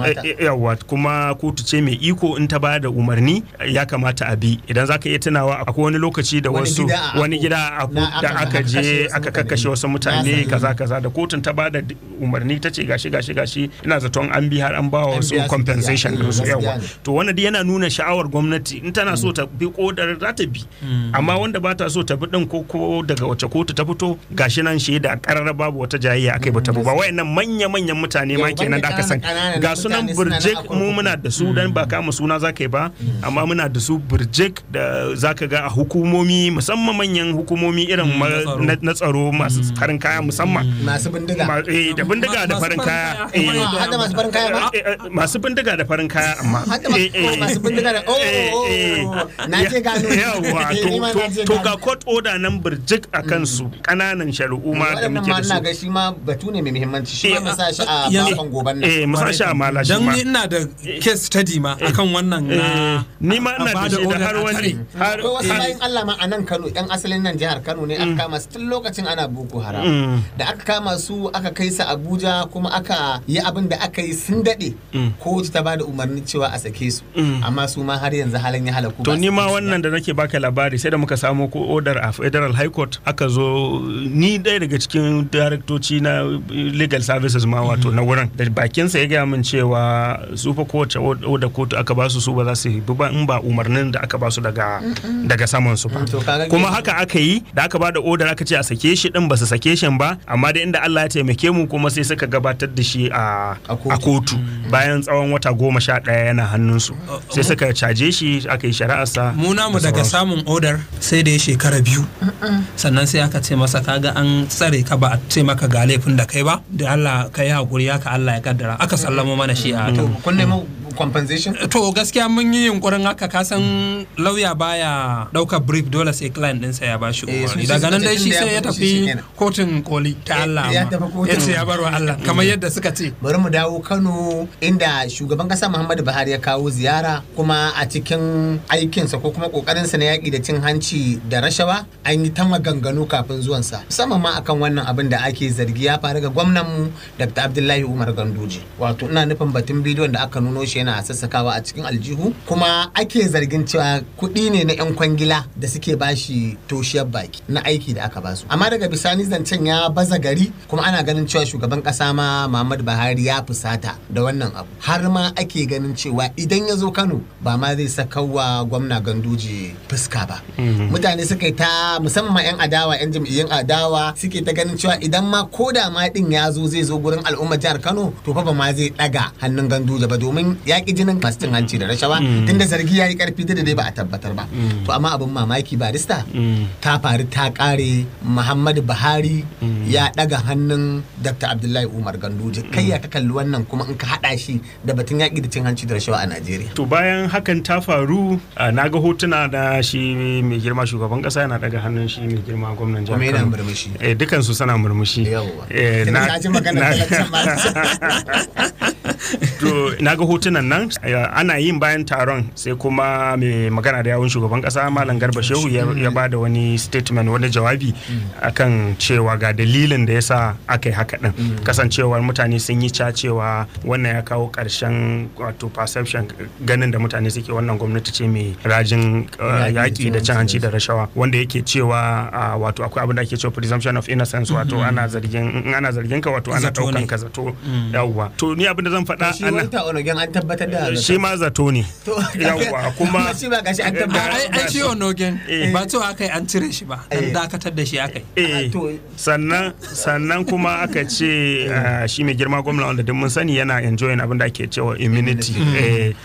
eh, eh, yawa kuma kotu ce mai iko in ta bada umarni ya kamata a bi idan zaka iya tunawa akwai wani lokaci da wasu wani gida da aka je aka kakkashe wasu mutane kaza kaza da kotun ta bada umarni ta ce gashi gashi gashi ina zaton an bi har an ba wasu compensation da su yawa to wannan yana nuna sha'awar gwamnati in tana so mm. ta bi kodar za ta bi mm. amma wanda ba ta so ta bi din ko daga wace kotu kotu ta fito gashi nan shi da karar babu wata jayayya akai bata ba mm. wayannan manya manyan mutane ma kenan da aka san ga sunan burjek mu muna da su dan ba mm. kama suna zaka yi ba mm. amma muna da su burjek da zaka ga a hukumomi musamman manyan hukumomi irin na tsaro masu farin kaya musamman masu bindiga eh, da bindiga da farin kaya eh. masu farin kaya eh, masu bindiga da farin kaya amma masu bindiga da oh, oh, oh. na je gano yawa to ga court order number jik a kansu yanzu kananan shari'u ma da muke da su ga shi ma batu ne mai muhimmanci shi ma eh, sa shi a eh, bakon goban nan eh musa shi a mala shi ma dan ina da case study ma eh. akan wannan na ni ma ina da shi da har wani har wasu bayan Allah ma a nan Kano yan asalin nan jihar Kano ne aka mm. kama su tun lokacin ana Boko Haram mm. da aka kama su aka kai su Abuja kuma aka yi abin da aka yi sun dade mm. ko ta bada umarnin cewa a sake su amma su ma har yanzu halin ya halaku to ni ma wannan da nake baka labari sai da muka samu ko order a Federal High Court aka zo ni ɗaya daga cikin daraktoci na legal services ma wato na wurin da bakinsa ya gaya min cewa su fa kowace da kotu aka ba su su ba za su bi ba in ba umarnin da aka basu daga daga saman su ba kuma haka aka yi da aka ba da odar aka ce a sake shi din ba su sake shi ba amma da inda Allah ya taimake mu kuma sai suka gabatar da shi a kotu bayan tsawon wata goma sha ɗaya yana hannun su oh, oh. sai suka caje shi aka yi shari'arsa mu namu daga samun odar sai da ya shekara biyu sannan sai aka ce masa kaga an tsare ka ba a ce maka ga laifin da kai ba da Allah ka yi hakuri ka Allah ya kaddara aka sallamo mana shi a to kullum compensation to gaskiya mun yi yunkurin haka kasan lauya baya ɗaukar brief dole sai client ɗinsa ya bashi eh, umarni daga nan dai shi sai ya tafi kotun koli ta Allah ya ce ya barwa Allah kamar yadda suka ce bari mu dawo Kano inda shugaban kasa Muhammadu Buhari ya kawo ziyara kuma a cikin aikinsa ko kuma sa na yaƙi da cin hanci da rashawa an yi ta maganganu kafin sa. musamman ma akan wannan abin da ake zargi ya faru ga gwamnan mu Dr. Abdullahi Umar Ganduje wato ina nufin batun bidiyon da aka nuno shi yana sassakawa a cikin aljihu kuma ake zargin cewa kuɗi ne na 'yan kwangila da suke bashi toshiyar baki na aiki da aka basu amma daga bisani zancen ya baza gari kuma ana ganin cewa shugaban ƙasa ma Muhammad Buhari ya fusata da wannan abu har ma ake ganin cewa idan ya zo Kano ba ma zai sakawa gwamna Ganduje fuska ba mhm. mutane suka ta musamman 'yan adawa 'yan jam'iyyun adawa suke ta ganin cewa idan ma ko da ma din ya zo zai zo gurin al'umma jihar Kano to fa ba ma zai daga hannun Ganduje ba domin yaƙi jinin masu cin hanci da rashawa mm. tunda zargi ya yi karfi da dai ba a tabbatar ba mm. to amma abin mamaki barista mm. ta faru ta kare muhammadu buhari ya daga hannun dr abdullahi umar ganduje kai ya ka kalli wannan kuma in ka hada shi da batun yaƙi da cin hanci da rashawa a najeriya to bayan hakan ta faru na ga hotuna da shi mai girma shugaban kasa yana daga hannun shi mai girma gwamnan jihar Kano murmushi eh dukan su suna murmushi eh na ji magana to na ga hotuna taron nan ana yin bayan taron sai kuma mai magana da yawun shugaban kasa malam garba mm. shehu ya ba da wani statement wani jawabi mm. akan cewa ga dalilin da yasa aka yi haka din mm. kasancewar mutane sun yi cewa wannan ya kawo karshen wato perception ganin da mutane suke wannan gwamnati ce mai rajin uh, yaki da cin hanci da rashawa wanda yake cewa wato akwai abin da ake cewa presumption of innocence wato mm-hmm. ana zargin ana zargin ka wato ana daukan ka zato yawwa to ni abin da zan faɗa ana tabbatar da eh, shi ma zato ne yawwa kuma shi ba gashi an tabbatar eh, ai shi onogen eh. ba to akai an cire shi ba an dakatar da shi akai ah, sannan sannan kuma aka ce ah, shi mai girma gwamna wanda duk mun sani yana enjoying abin da ake cewa immunity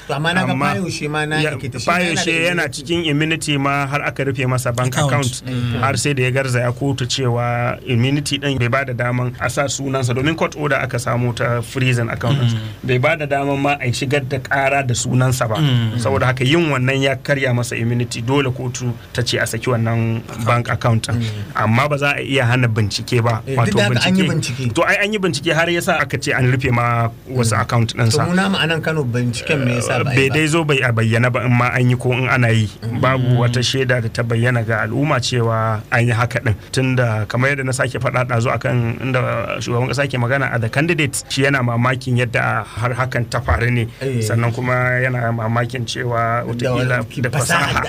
to amma na ga fayo shi ma na yake fayo shi yana cikin immunity ma har aka rufe masa bank account har sai da ya garzaya kotu cewa immunity din bai ba da daman a sa sunansa domin court order aka samu ta freezing account mm. bai ba da daman ma a yi shigar da ƙara da sunansa ba mm. saboda haka yin wannan ya karya masa immunity dole kotu ta ce a saki wannan bank account mm. amma ba za a iya hana bincike ba eh, wato bincike to ai an yi bincike har yasa aka ce an rufe ma wasu mm. account din sa to mu Kano binciken me yasa ba bai dai zo bai a bayyana ba in ma an yi ko in ana yi babu wata shaida da ta bayyana ga al'umma cewa an yi haka din tunda kamar yadda na sake faɗa ɗazu akan inda shugaban ƙasa ke magana a the candidate shi yana mamakin yadda har hakan ta faru ne Eh. sannan kuma yana mamakin cewa watakila da fasaha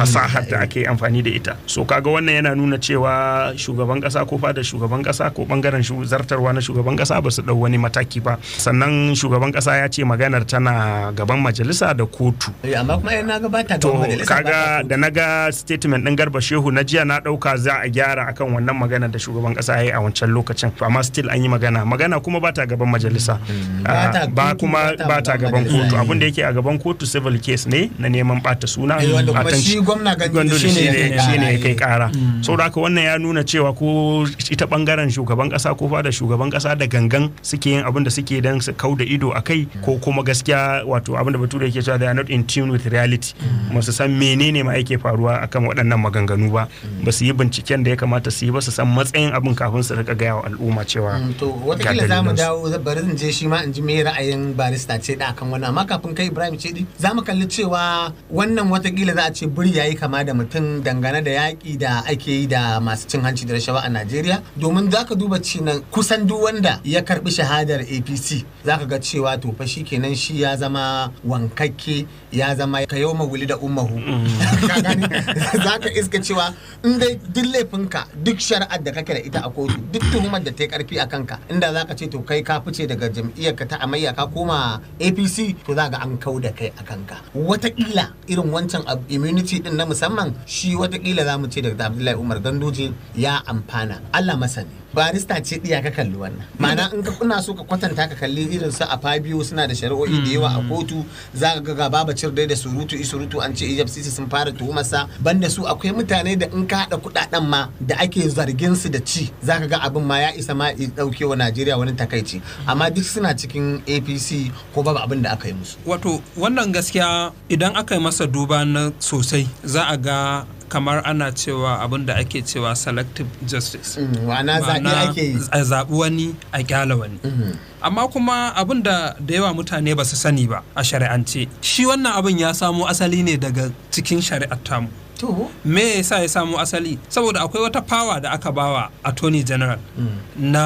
fasahar da ake amfani da ita so kaga wannan yana nuna cewa shugaban kasa ko fada shugaban kasa ko bangaren zartarwa na shugaban kasa ba su dau wani mataki ba sannan shugaban kasa ya ce maganar tana gaban majalisa da kotu eh, amma kuma yana gabata gaban majalisa kaga da naga statement din garba shehu na jiya na dauka za a gyara akan wannan magana da shugaban kasa ya yi a wancan lokacin amma still an yi magana magana kuma ba ta gaban majalisa mm, mm. Ah, ba kuma ba ta gaban kotu abin da yake a gaban kotu civil case ne na neman bata suna eh, a shi gwamna shi ne kai kara eh. mm. saboda haka wannan ya nuna cewa ko ita bangaren shugaban kasa ko fa da shugaban kasa da gangan suke yin abin da suke dan su kau da ido a kai. ko kuma gaskiya wato abin da bature yake cewa they are not in tune with reality masu mm. san menene ma yake faruwa akan waɗannan maganganu ba mm. ba su yi binciken da ya kamata su yi ba su san matsayin abin kafin su rika gaya wa al'umma cewa to watakila za mu dawo bari zan je shi ma in ji me ra'ayin barista ce da akan wani amma kafin kai Ibrahim Chidi za mu kalli cewa wannan watakila za a ce buri yi kama da mutum dangane da yaƙi da ake yi da masu cin hanci da rashawa a Najeriya domin za ka duba cinan kusan duk wanda ya karbi shahadar APC za ka ga cewa to fa kenan shi ya zama wankakke ya zama ka yau mawuli da ummahu mm. za ka iska cewa in dai duk laifinka duk shari'ar da kake da ita a kotu duk tuhumar da ta yi karfi a kanka inda za ka ce to kai ka fice daga jam'iyyar ka ta amayya ka koma APC apc to za ga an kau da kai a kanka watakila irin wancan immunity din na musamman shi watakila za mu ce da abdullahi umar ganduje ya amfana allah masani barista ce ɗiya ka kalli wannan ma'ana in ka kuna so ka kwatanta ka kalli irin su a Fabio suna da shari'o'i da yawa a mm. kotu za ka ga gaba ba dai da surutu surutu an ce egypt city sun fara tuhumarsa banda su akwai mutane da in ka haɗa kuɗaɗen ma da ake zargin su da ci za ka ga abin ma ya isa ma ɗauke wa najeriya wani takaici amma duk suna cikin apc ko babu abin da aka yi musu wato wannan gaskiya idan aka yi masa duba na sosai za a ga kamar ana cewa abin da ake cewa selective justice mm, ma'ana zaɓi ake a zaɓi wani a kyala wani mm-hmm. amma kuma abin da da yawa mutane ba su sani ba a shari'ance shi wannan abin ya samo asali ne daga cikin shari'ar tamu me ya yasa ya samu asali saboda akwai wata power da aka bawa attorney general mm. na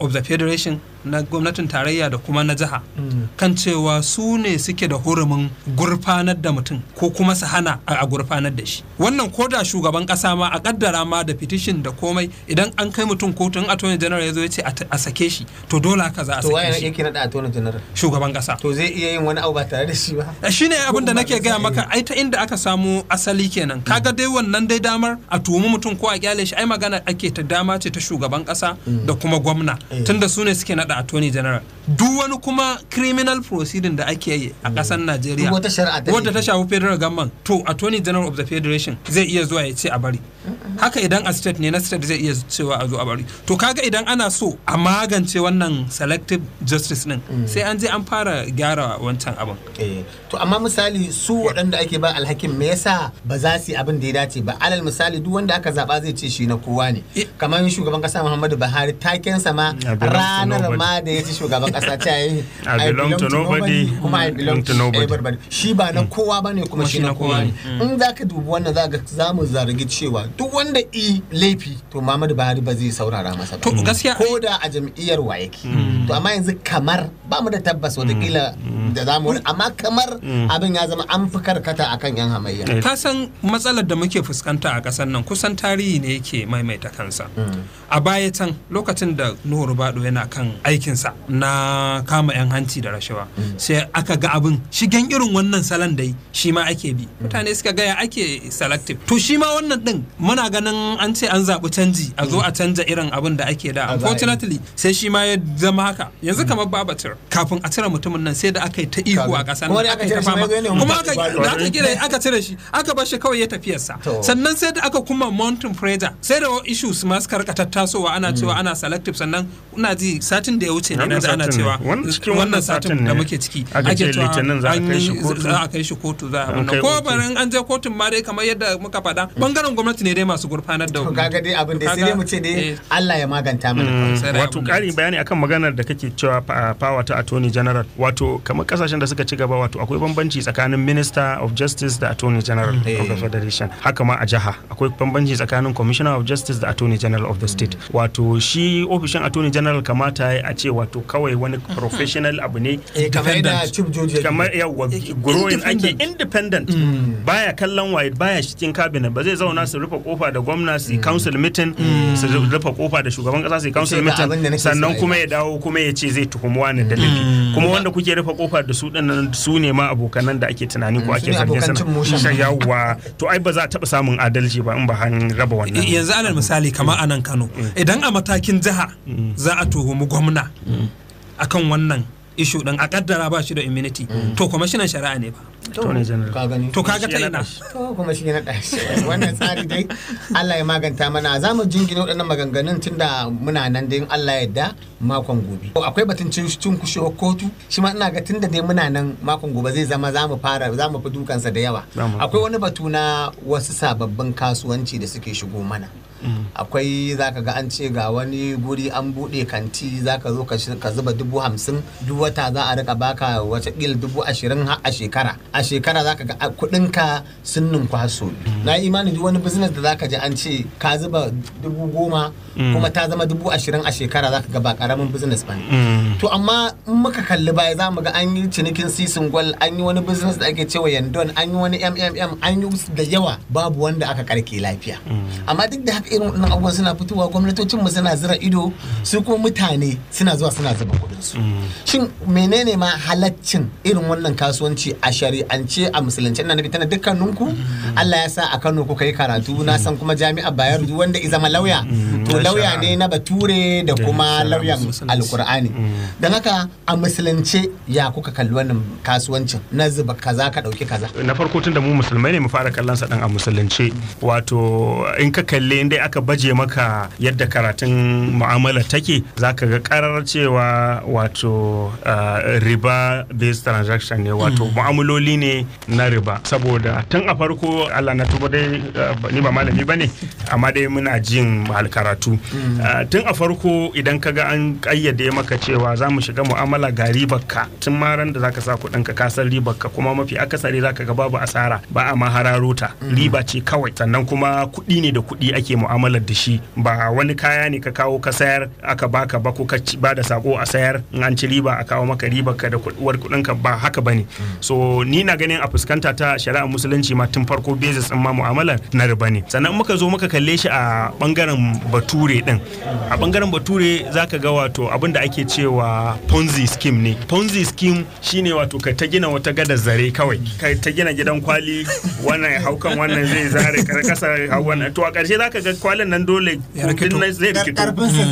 of the federation na gwamnatin tarayya da kuma na jiha hmm. kan cewa su ne suke da hurumin gurfanar da mutum ko kuma su hana a gurfanar da shi wannan ko da shugaban kasa ma a kaddara ma da fitishin da komai idan an kai mutum kotun attorney general ya zo ya ce a sake shi to dole haka za a sake shi to a attorney general shugaban kasa to zai iya yin wani abu ba tare da shi ba eh, shine abin da nake gaya maka ai ta inda aka samu asali kenan kaga dai wannan dai damar a tuhumi mutum ko a kyale shi ai magana ake ta dama ce ta shugaban kasa hmm. da kuma gwamna eh. tunda su ne suke nada da attorney general duk wani kuma criminal proceeding da ake yi a kasar mm. Najeriya wanda ta shafi federal government to attorney general of the federation zai iya zuwa ya ce a bari haka idan a state ne na state zai iya cewa a zo a bari to kaga idan ana so a magance wannan selective justice din mm. sai an je an fara gyara wancan abin eh, to amma misali su waɗanda ake ba alhakin me yasa ba za su abin da ya dace ba alal misali duk wanda aka zaba zai ce shi na kowa ne eh. kamar shugaban kasa Muhammadu Buhari taken sama ranar amma da ya ci shugaban kasa ta yi I belong to nobody kuma I mm. belong to nobody shi ba na mm. kowa bane kuma shi na kowa ne mm. in zaka dubi wannan zaka za mu zargi cewa duk wanda i laifi to Muhammadu Buhari ba zai saurara masa ba gaskiya ko da a jam'iyyar wa yake to amma yanzu kamar ba mu da tabbas kila da za amma kamar abin ya zama an fi karkata akan yan hamayya eh. ka san matsalar da muke fuskanta a kasar nan kusan tarihi ne yake maimaita kansa a baya can lokacin da Nuhu Rubado yana kan aiki aikinsa na kama 'yan hanci da rashawa mm. sai aka ga abin shigen irin wannan salon da shi ma ake bi mm. mutane suka gaya ake selective to shi ma wannan din muna ganin an ce an zaɓi canji a zo a mm. canja irin abin da ake da unfortunately sai shi ma ya zama haka yanzu kamar babatir kafin a cire mutumin nan sai da aka yi ta ihu a ƙasa aka ta fama kuma aka gina aka cire shi aka bar shi kawai ya tafiyarsa sannan sai da aka kuma mountain pressure sai da issues masu karkatar tasowa ana cewa ana selective sannan ina ji satin satin da ya wuce ne da ana cewa wannan satin da muke ciki ake cewa za a kai shi kotu za a abin ko barin an je kotun ma dai kamar yadda muka faɗa bangaren gwamnati ne dai masu gurfanar da wani. kaga dai abin da sai dai mu ce dai eh. Allah ya maganta mana mm, wato ƙari bayani akan maganar da kake cewa uh, power ta attorney general wato kamar kasashen da suka ci gaba wato akwai bambanci tsakanin minister of justice da attorney general mm, eh. of the federation haka ma a jiha akwai bambanci tsakanin commissioner of justice da attorney general of the state mm. wato shi ofishin attorney general kamata ya a ce wato kawai wani professional abu ne eh, kamar yawa eh, growing ake independent mm. baya kallon waye baya cikin cabinet ba zai zauna su rufe kofa da gwamna su mm. council meeting mm. su rufe kofa da shugaban kasa su council meeting sannan kuma ya dawo kuma ya ce zai tuhumi wani dalili kuma wanda kuke rufe kofa da su dinnan su ne ma abokanan da ake tunani ko ake zargin sana yawa to ai ba za a taba samun adalci ba in ba an raba wannan yanzu alal misali kamar a nan Kano idan a matakin jiha za a tuhumi gwamna nuna akan wannan ishu din a kaddara ba shi da immunity mm. to kwamishinan shari'a ne ba to kaga ta to kuma shi na dashi wannan tsari dai Allah ya maganta mana za mu jingina waɗannan maganganun tunda muna nan dai Allah ya da makon gobe akwai batun cin cin kushewa kotu shi ma ina ga tunda dai muna nan makon gobe zai zama za mu fara za mu fi dukansa da yawa akwai wani batu na wasu sababbin kasuwanci da suke shigo mana mm. akwai zaka ga an ce ga wani guri an buɗe kanti zaka zo ka zuba dubu hamsin duk wata za a rika baka wata kil dubu ashirin a shekara a shekara za ka ga kuɗinka sun ninkwa kwaso. na imani duk wani business da zaka ji an ce ka zuba dubu goma mm. kuma ta zama dubu ashirin a shekara za ka ga ba karamin business ba mm. to amma in muka kalli baya za mu ga an yi cinikin sisin gwal an yi wani business da ake cewa yandon an yi wani mmm an yi da yawa babu wanda aka karke lafiya mm. amma duk da haka irin wannan abubuwan suna fitowa gwamnatocin mu suna zira ido su kuma mutane suna zuwa suna zuba kuɗin su shin menene ma halaccin irin wannan kasuwanci a shari'a an ce a musulunci na nabi tana dukkaninku Allah ya sa a Kano kuka yi karatu na san kuma jami'a Bayar duk wanda i zama lauya mm, mm, to lauya ne na bature da kuma lauyan alkur'ani mm. dan haka a musulunci ya kuka kalli wannan kasuwancin na zuba kaza ka ɗauki kaza na farko tun da mu musulmai ne mu fara kallon sa dan a musulunci wato in ka kalle dai aka baje maka yadda karatun mu'amala take zaka ga karar cewa wato uh, riba based transaction ne wato mu'amaloli ne na riba saboda tun a farko Allah na tuba dai eh, ni ba malami ba ne amma dai muna jin karatu mm. eh, tun a farko idan kaga an kayyade maka cewa za mu shiga mu'amala ga ribarka tun ma ran da zaka sa kuɗin ka kasar ribarka kuma mafi akasari zaka ga babu asara ba a ma hararuta mm. riba ce kawai sannan kuma kuɗi ne da kuɗi ake mu'amalar da shi ba wani kaya ne ka kawo ka sayar aka baka ba ko ka ba da sako a sayar in an ci riba a kawo maka ribarka da kuɗuwar kuɗinka ba haka bane mm. so ni ina na ganin a fuskanta ta shari'ar musulunci ma tun farko basis din ma mu'amalar na riba ne sannan muka zo muka kalle shi a bangaren bature din a bangaren bature zaka ga wato abin da ake cewa ponzi scheme ne ponzi scheme shine wato ka ta gina wata gadar zare kawai ka ta gina gidan kwali wannan ya haukan wannan zai zare karkasa wannan to a karshe zaka ga kwalin nan dole kundin zai rikito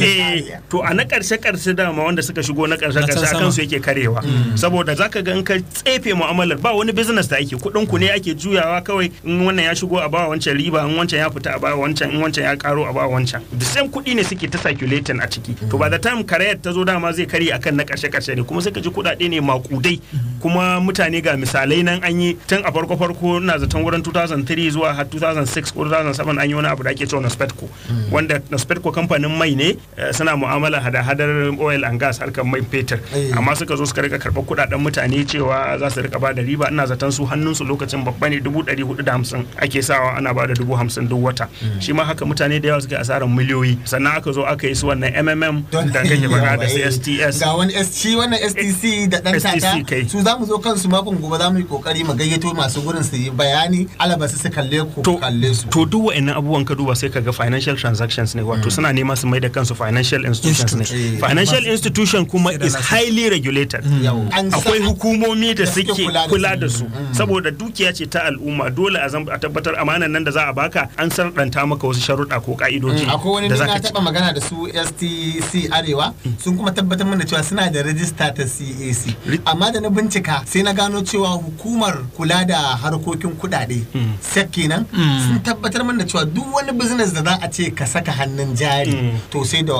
eh, to a na karshe karshe dama wanda suka shigo na karshe karshe akan su yake karewa mm. saboda zaka ga in ka tsefe mu'amalar ba wani business da ake kuɗin ku ne ake juyawa kawai in wannan ya shigo a bawa wancan riba in wancan ya fita a bawa wancan in wancan ya karo a bawa wancan the same kuɗi ne suke ta circulating a ciki to by the time karayar ta zo dama zai karye akan na karshe karshe ne kuma sai ka ji kuɗaɗe ne makudai kuma mutane ga misalai nan an yi tun a farko farko na zaton wurin 2003 zuwa har 2006 ko 2007 an yi wani abu da ake cewa Nospetco wanda Nospetco kamfanin mai ne eh, suna mu'amala hada-hadar oil and gas harkar mai fetur eh. amma suka zo suka rika karɓar kudaden mutane cewa za su rika ba da riba ana zaton su su lokacin babba ne dubu ɗari hudu da hamsin ake sawa ana ba da dubu hamsin duk wata mm. shi ma haka mutane da yawa suke asarar miliyoyi sannan aka zo aka yi su wannan mmm da kake magana da sts eh. ga wani shi wannan stc da dan tata su za mu zo kansu makon gobe za mu yi kokari mu gayyato masu gurin su yi bayani alaba su kalle ku kalle su to duk wa'annan abubuwan ka duba sai ka ga financial transactions ne wato mm. suna nema su mai da kansu financial institutions ne eh. financial institution kuma is highly regulated mm. akwai hukumomi da suke kula da su saboda dukiya ce ta al'umma dole a tabbatar amanan nan da za a baka an sarɗanta maka wasu sharuɗa ko ka'idoji mm, akwai wani da na taɓa magana da su STC Arewa sun kuma tabbatar mana cewa suna da rajista ta CAC amma da na bincika sai na gano cewa hukumar kula da harkokin kuɗaɗe mm. SEC kenan mm. sun tabbatar mana cewa duk wani business da za a ce ka saka hannun jari to sai da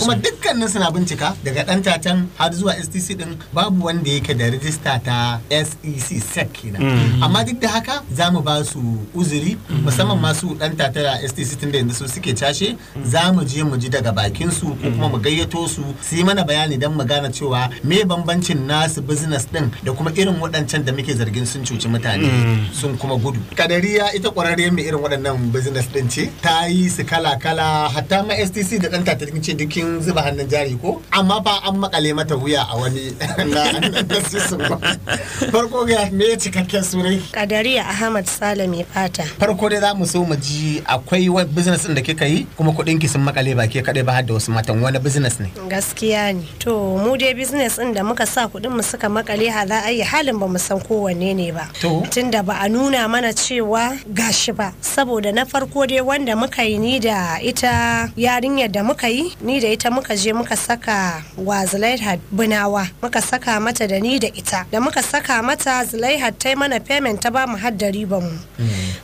kuma dukkanin suna bincika daga ɗan tatan har zuwa STC din babu wanda yake da rajista ta sec kenan amma duk da haka za mu ba su uzuri musamman masu dan tatara stc tun da yanzu su suke cashe za mu je mu ji daga bakin su ko kuma mu gayyato su su yi mana bayani don mu gane cewa me bambancin nasu business din da kuma irin waɗancan da muke zargin sun cuci mutane sun kuma gudu kadariya ita kwararriyar mai irin waɗannan business din ce ta yi su kala kala hatta ma stc da dan tatara ce dukin zuba hannun jari ko amma fa an makale mata wuya a wani na farko ga me cikakken surai kadariya ahmad sale mai fata farko dai za mu so mu ji akwai wani business din da kika yi kuma kuɗin ki sun makale ba ke kadai ba har da wasu matan wani business ne gaskiya ne to mu dai business din da muka sa kuɗin mu suka makale ha za a yi halin ba mu san kowanne ne ba To. tunda ba a nuna mana cewa gashi ba saboda na farko dai wanda muka yi ni da ita yarinyar da muka yi ni da ita muka je muka saka wazilai bunawa muka saka mata da ni da ita da muka saka saka mata zulai ta mana payment ta ba mu har da mu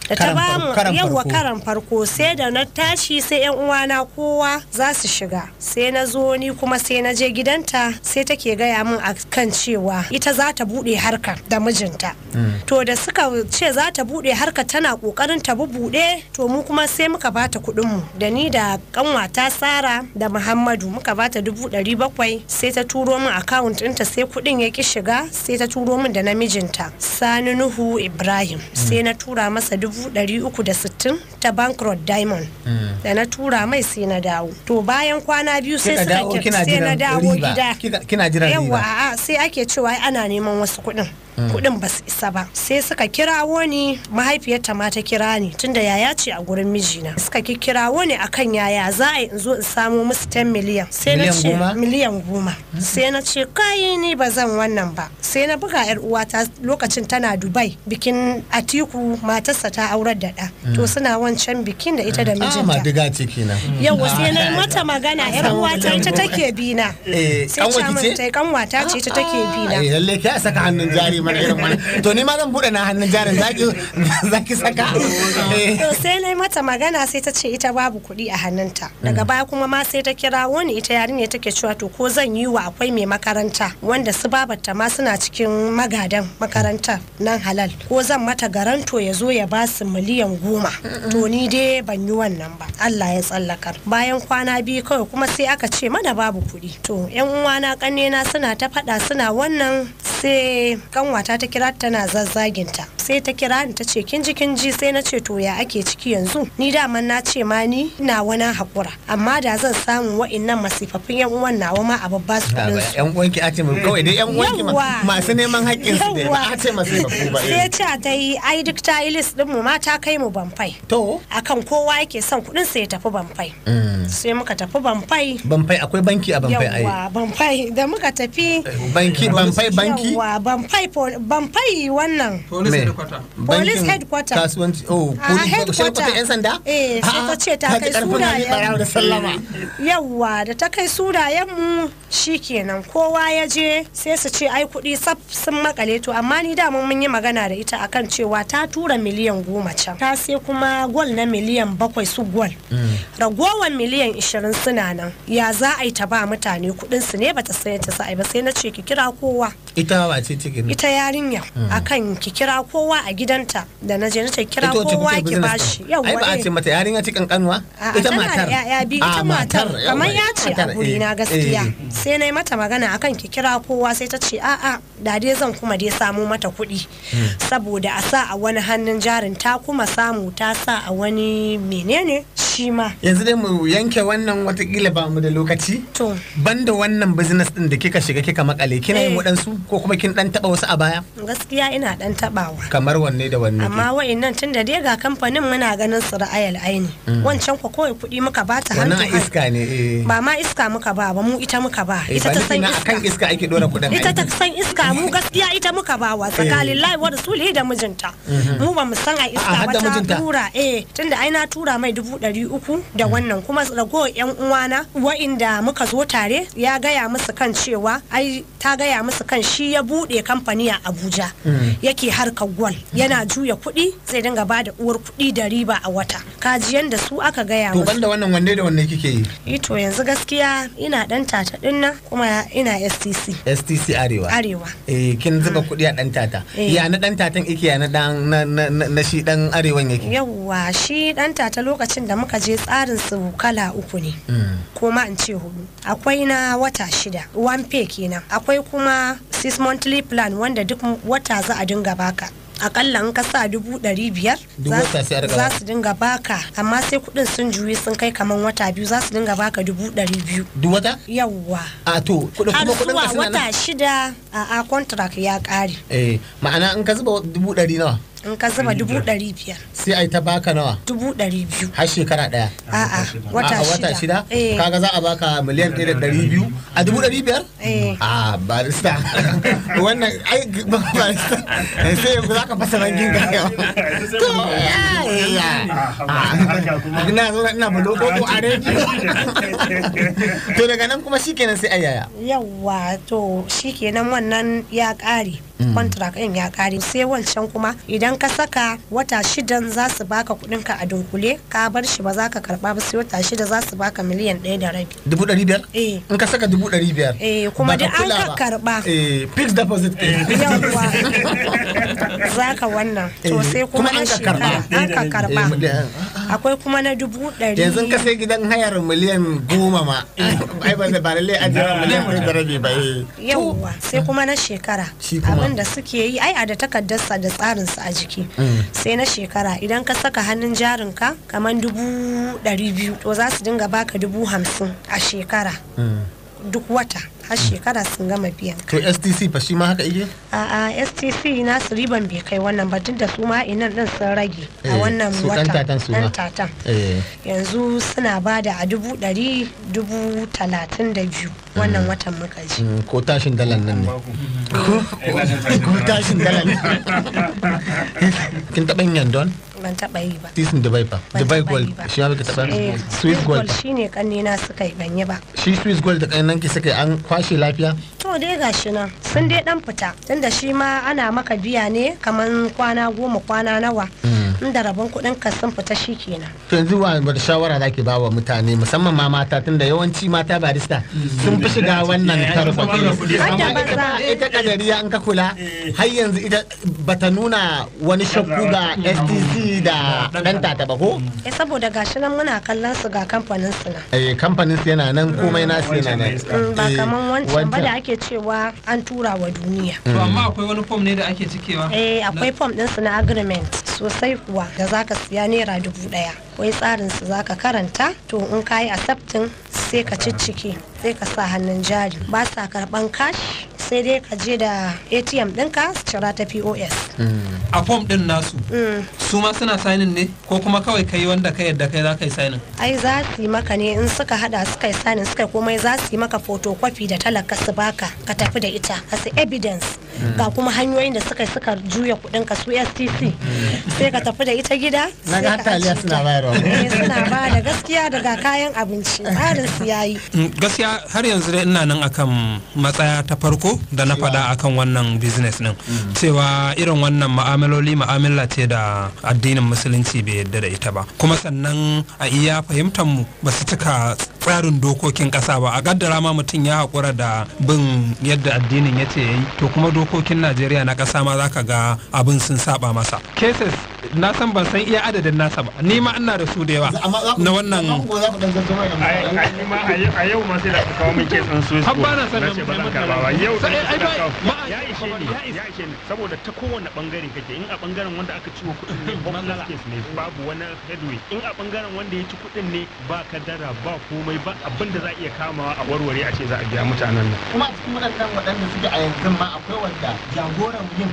da ta ba mu yawa karan farko sai da na tashi sai yan uwana kowa za su shiga sai na zo ni kuma sai na je gidanta sai take gaya min akan cewa ita za ta bude harka da mijinta mm. to da suka ce za ta bude harka tana kokarin ta bubude to mu kuma sai muka bata kuɗin mu da ni da kanwata Sara da Muhammadu muka bata dubu ɗari bakwai sai ta turo min akawunt ɗinta sai kuɗin ya ki shiga sai ta turo min da namijinta sani nuhu ibrahim sai na tura masa dubu ɗari uku da sittin ta bankrot diamond hmm. da na tura mai sai na dawo to bayan kwana biyu sai suka sai na dawo gida kina jiran riba yawa a'a sai ake cewa ana neman wasu kuɗin Mm. kudin ba su isa ba sai suka kirawo ni mahaifiyarta ma ta kira ni tunda yaya ce a gurin mijina suka kirawo ni akan yaya za a in zo in samo musu 10 miliyan sai na ce miliyan goma mm. sai na ce kai ni ba zan wannan ba sai na buga yar uwata lokacin tana dubai bikin atiku matarsa ta aurar da da mm. to suna wancan bikin da ita da ah, mijinta yau sai na mata magana yar uwata ita take bina eh, sai ta kanwata eh, ce ita take bina eh, lalle ka saka hannun jari irin to ni ma zan buɗe na hannun jarin zaki saka eh. to sai nayi mata magana sai ta ce ita babu kuɗi a hannunta daga mm. baya kuma ma sai ta kira wani ita yarinya take cewa to ko zan yi wa akwai mai makaranta wanda su babarta ma suna cikin magadan makaranta nan halal ko zan mata garanto ya zo ya ba su miliyan goma to ni dai ban yi wannan ba Allah ya tsallaka bayan kwana biyu kawai kuma sai aka ce mana babu kuɗi to yan uwana na suna ta faɗa suna wannan sai kanwa mata ta kira tana zazzaginta sai ta kira ni ta ce kin ji kin ji sai na ce to ya ake ciki yanzu ni daman na ce ma ni na wani hakura amma da zan samu wa'annan masifafin yan uwan nawa ma a babba su kudin su yan uwanki a ce mu kawai dai yan uwanki masu neman haƙƙin su dai ba a ce masifafu ba eh. sai ce ta yi ai duk ta yi list din mu ma ta kai mu banfai to akan kowa yake son kudin sa ya tafi banfai mm. sai muka tafi banfai banfai akwai banki a banfai ai banfai da muka tafi banki banfai banki yawa banfai for ban fayi wannan police headquarter police headquarter kasuwanci oh ah, police headquarter yan sanda eh ta ah, ce eh, ta kai sunayen da sallama yawa da ta kai yan mu shikenan kowa ya je sai su ce ai kuɗi sab sun makale to amma ni da mun yi magana da ita akan cewa ta tura miliyan goma can ta sai kuma gol na miliyan bakwai su gol mm. ragowar miliyan ishirin suna nan ya za a yi ta ba mutane kuɗinsu su ne bata sayar ta sa'ai ba sai na ce ki kira kowa ita ba ce ke ita yarinya mm. akan ki kira kowa a gidanta da na je nace kira kowa ki bashi yawa ai ba a ce mata yarinya ce kankanuwa ita matar ya bi ita ah, matar kamar ya ce a guri na eh, gaskiya eh. sai nayi mata magana akan ki kira kowa sai ta ce a'a da dai zan kuma dai samu mata kuɗi mm. saboda a sa a wani hannun jarin ta kuma samu ta sa a wani menene shi ma yanzu dai mu yanke wannan watakila ba mu da lokaci to banda wannan business din da kika shiga kika makale kina yin eh. waɗansu ko kuma kin dan taba wasu a baya gaskiya ina dan tabawa kamar wanne da wanne amma wa'annan tun da dai ga kamfanin muna ganin su ra'ayal aini mm. wancan ko kai kuɗi muka ba ta hannu wannan iska ne eh. ba ma iska muka ba ba mu ita muka ba eh, ita ta san iska kan iska ake dora kuɗin ita ta san iska mu gaskiya ita muka ba wa tsakanin lai wa rasulihi da mijinta mm-hmm. mu ba mu san a iska ba ta tura eh tunda ai na tura mai dubu ɗari uku da wannan kuma rago yan uwana wa'inda muka zo tare ya gaya musu kan cewa ai ta gaya musu kan shi ya buɗe kamfani a abuja mm. yake harkar gwal yana juya kuɗi zai dinga ba da uwar kuɗi da riba a wata kajiyan da su aka gaya musu to da wannan wanne da wanne kike yi eh to yanzu gaskiya ina dan tata dinna kuma ina STC STC arewa arewa eh kin zuba mm. kuɗi a dan tata eh. ya na dan tatan ike ya na dan na shi dan arewan yake yawwa shi dan tata lokacin da muka je tsarin su kala uku ne hmm. ko ma in ce hudu akwai na wata shida one pay kenan akwai kuma six monthly plan wanda duk wata za a dinga baka akalla in ka sa dubu ɗari biyar za su dinga baka amma sai kuɗin sun juyi sun kai kaman wata biyu za su dinga baka dubu ɗari biyu duk wata yawwa a to kuɗin kuma kuɗin ka suna wata shida a contract ya ƙare eh, ma'ana in ka zuba dubu ɗari nawa in ka zuba dubu ɗari biyar sai ai ta baka nawa dubu ɗari biyu har shekara ɗaya a'a wata wata shida eh. kaga za a baka miliyan ɗaya da ɗari biyu a dubu ɗari biyar eh. a barista wannan ai barista eh, sai za ka fasa rangin ga yau to ina zo ina bulo ko are rediyo to daga nan kuma shikenan sai ayaya. yawa to shikenan wannan ya ƙare contract ɗin ya ƙare sai walcan kuma idan ka saka wata shidan za su baka kuɗin ka a dunkule ka bar shi ba za ka karɓa ba sai wata shida za su baka miliyan ɗaya da rabi. dubu ɗari biyar? eh in ka saka dubu ɗari biyar. eh kuma da an ka karɓa. eh fixed deposit ɗin. Eh, yawwa za ka wannan to eh, sai kuma an ka karɓa. an ka karɓa eh, akwai kuma na dubu ɗari. yanzu ka sai gidan hayar miliyan goma ma ai ba da ba lallai an miliyan ɗaya da rabi ba. yawwa sai kuma na shekara. shi kuma zaɓen da suke yi ai a da takardarsa da tsarinsa a jiki mm. sai na shekara idan ka saka hannun jarin ka kaman dubu ɗari biyu to za su dinga baka dubu hamsin a shekara mm. duk wata har shekara sun gama biyan to stc fa shi ma haka ike a a stc su riban bai kai wannan ba tunda su ma inan din sun rage a eh, wannan wata dan tatan eh. yanzu suna ba da a dubu dari dubu talatin da biyu wannan mm. watan muka ji mm, ko tashin dalan nan ne ko tashin dalan kin taɓa yin yandon ban taba yi ba season dubai fa dubai gold shi ya taba eh, swiss gold shine kanne na suka yi ban yi ba shi swiss gold da kanne ki suka yi an kwashe lafiya to dai gashi nan sun dai dan fita tunda shi ma ana maka biya ne kaman kwana goma kwana nawa mm. inda rabon kuɗin ka sun fita shi kenan. To yanzu wani shawara zaki ba wa mutane musamman ma mata tunda yawanci mata barista sun fi shiga wannan eh, tarfa. ita kadariya an ka kula har yanzu ita bata nuna wani shakku ga STC da dan tata ba ko? Eh saboda gashi nan muna kallon su ga kamfanin su na. Eh kamfanin su yana nan komai nasu yana nan. Mm, ba eh, kaman wancan ba da ake cewa an tura wa duniya. Mm. To amma akwai wani form ne da ake cikewa? Eh akwai form din su na agreement sosai kuwa da zaka siya naira dubu daya. Wai tsarin su zaka karanta to in kayi accepting sai ka ciccike. sai ka sa hannun jari ba sa karban cash sai dai ka je da atm ɗinka su cira ta pos a fom ɗin nasu mm. su ma suna sainin ne ko kuma kawai kai wanda ka yadda kai za ka yi sainin ai za su yi maka ne in suka hada suka yi sainin suka komai za su yi maka photocopy da talaka su baka ka tafi da ita as evidence ga kuma hanyoyin da suka suka juya kudin ka su STC sai ka tafi da ita gida na ga taliya suna bayarwa eh, suna ba da gaskiya daga kayan abinci tsarin su yayi mm, gaskiya har yanzu dai ina nan akan matsaya ta farko da na faɗa akan wannan business din mm. cewa irin wannan ma'amaloli ma'amala ce da addinin musulunci bai yadda da ita ba kuma sannan a iya fahimtar mu ba su cika tsarin dokokin kasa ba a kaddara ma mutum ya haƙura da bin yadda addinin ya ce yayi to kuma dokokin najeriya na kasa ma za ka ga abin sun saba masa cases na san ban san iya adadin nasa ba ni ma ina da su da yawa na wannan a yau ma sai da ka kawo min ɗin su har ba na san da mutum karbawa yau sai ai ba ya ishe ni ya ishe ni saboda ta kowane bangare kake in a bangaren wanda aka ciwo kuɗin ne homeless case ne babu wani headway in a bangaren wanda ya ci kuɗin ne ba kadara ba komai ba abin da za a iya kamawa a warware a ce za a biya mutanen nan kuma a cikin waɗannan waɗanda suke a yanzu ma akwai wani wadda jagoran yin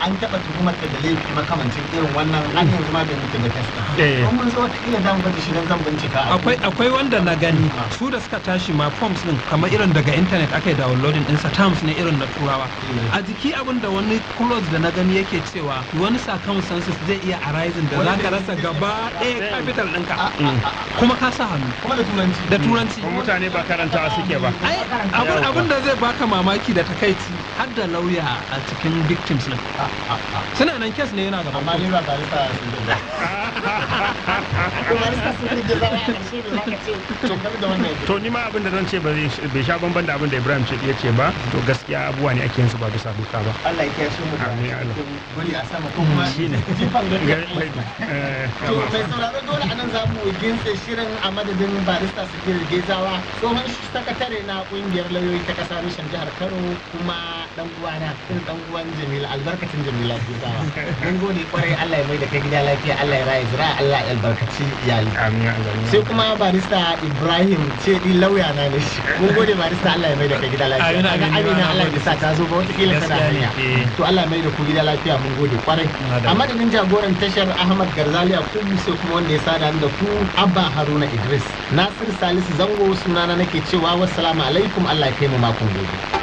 an taɓa tuhumar da laifi makamancin irin wannan an yanzu ma bai mutu da ta an mun zo wata ila zamu bada shi dan zan bincika akwai akwai wanda na gani ah. su da suka tashi ma forms din kamar irin daga internet aka yi downloading din sa terms ne irin na turawa hmm. a jiki abin da wani clause da na gani yake cewa wani census zai iya arising da zaka rasa gaba ɗaya capital ɗinka ah, ah, kuma ka sa hannu kuma da turanci da turanci mutane ba karanta suke ba abin da zai baka mamaki da takaici har da lauya a cikin victims din suna nan kes ne yana gaban amma ni ba tare da sun to ni ma abin da zan ce bai sha bamban da abin da Ibrahim ce ya ce ba to gaskiya abubuwa ne ake yin su ba bisa doka ba Allah ya kiyaye mu amin Allah gori a sama ko kuma mm, shine jifan eh, to bai sauraro dole anan za mu gintse shirin a madadin barista Sakir Gezawa tsohon sakatare na kungiyar lauyoyi ta kasar reshen jihar Kano kuma dan uwana irin dan uwan jamil albarkatin Jamila Gezawa mun gode kwarai Allah ya mai da kai gida lafiya Allah ya raye zira Allah ya albarkaci iyali sai kuma barista ibrahim ce di lauya na ne shi mun gode barista allah ya mai da ka gida lafiya ga amina allah ya sa ta zo ba ta da hanya to allah mai da ku gida lafiya mun gode kwarai a madadin jagoran tashar ahmad garzali a kudu sai kuma wanda ya sada da ku abba haruna idris nasir salisu zango sunana nake cewa wassalamu alaikum allah ya kai mu makon gobe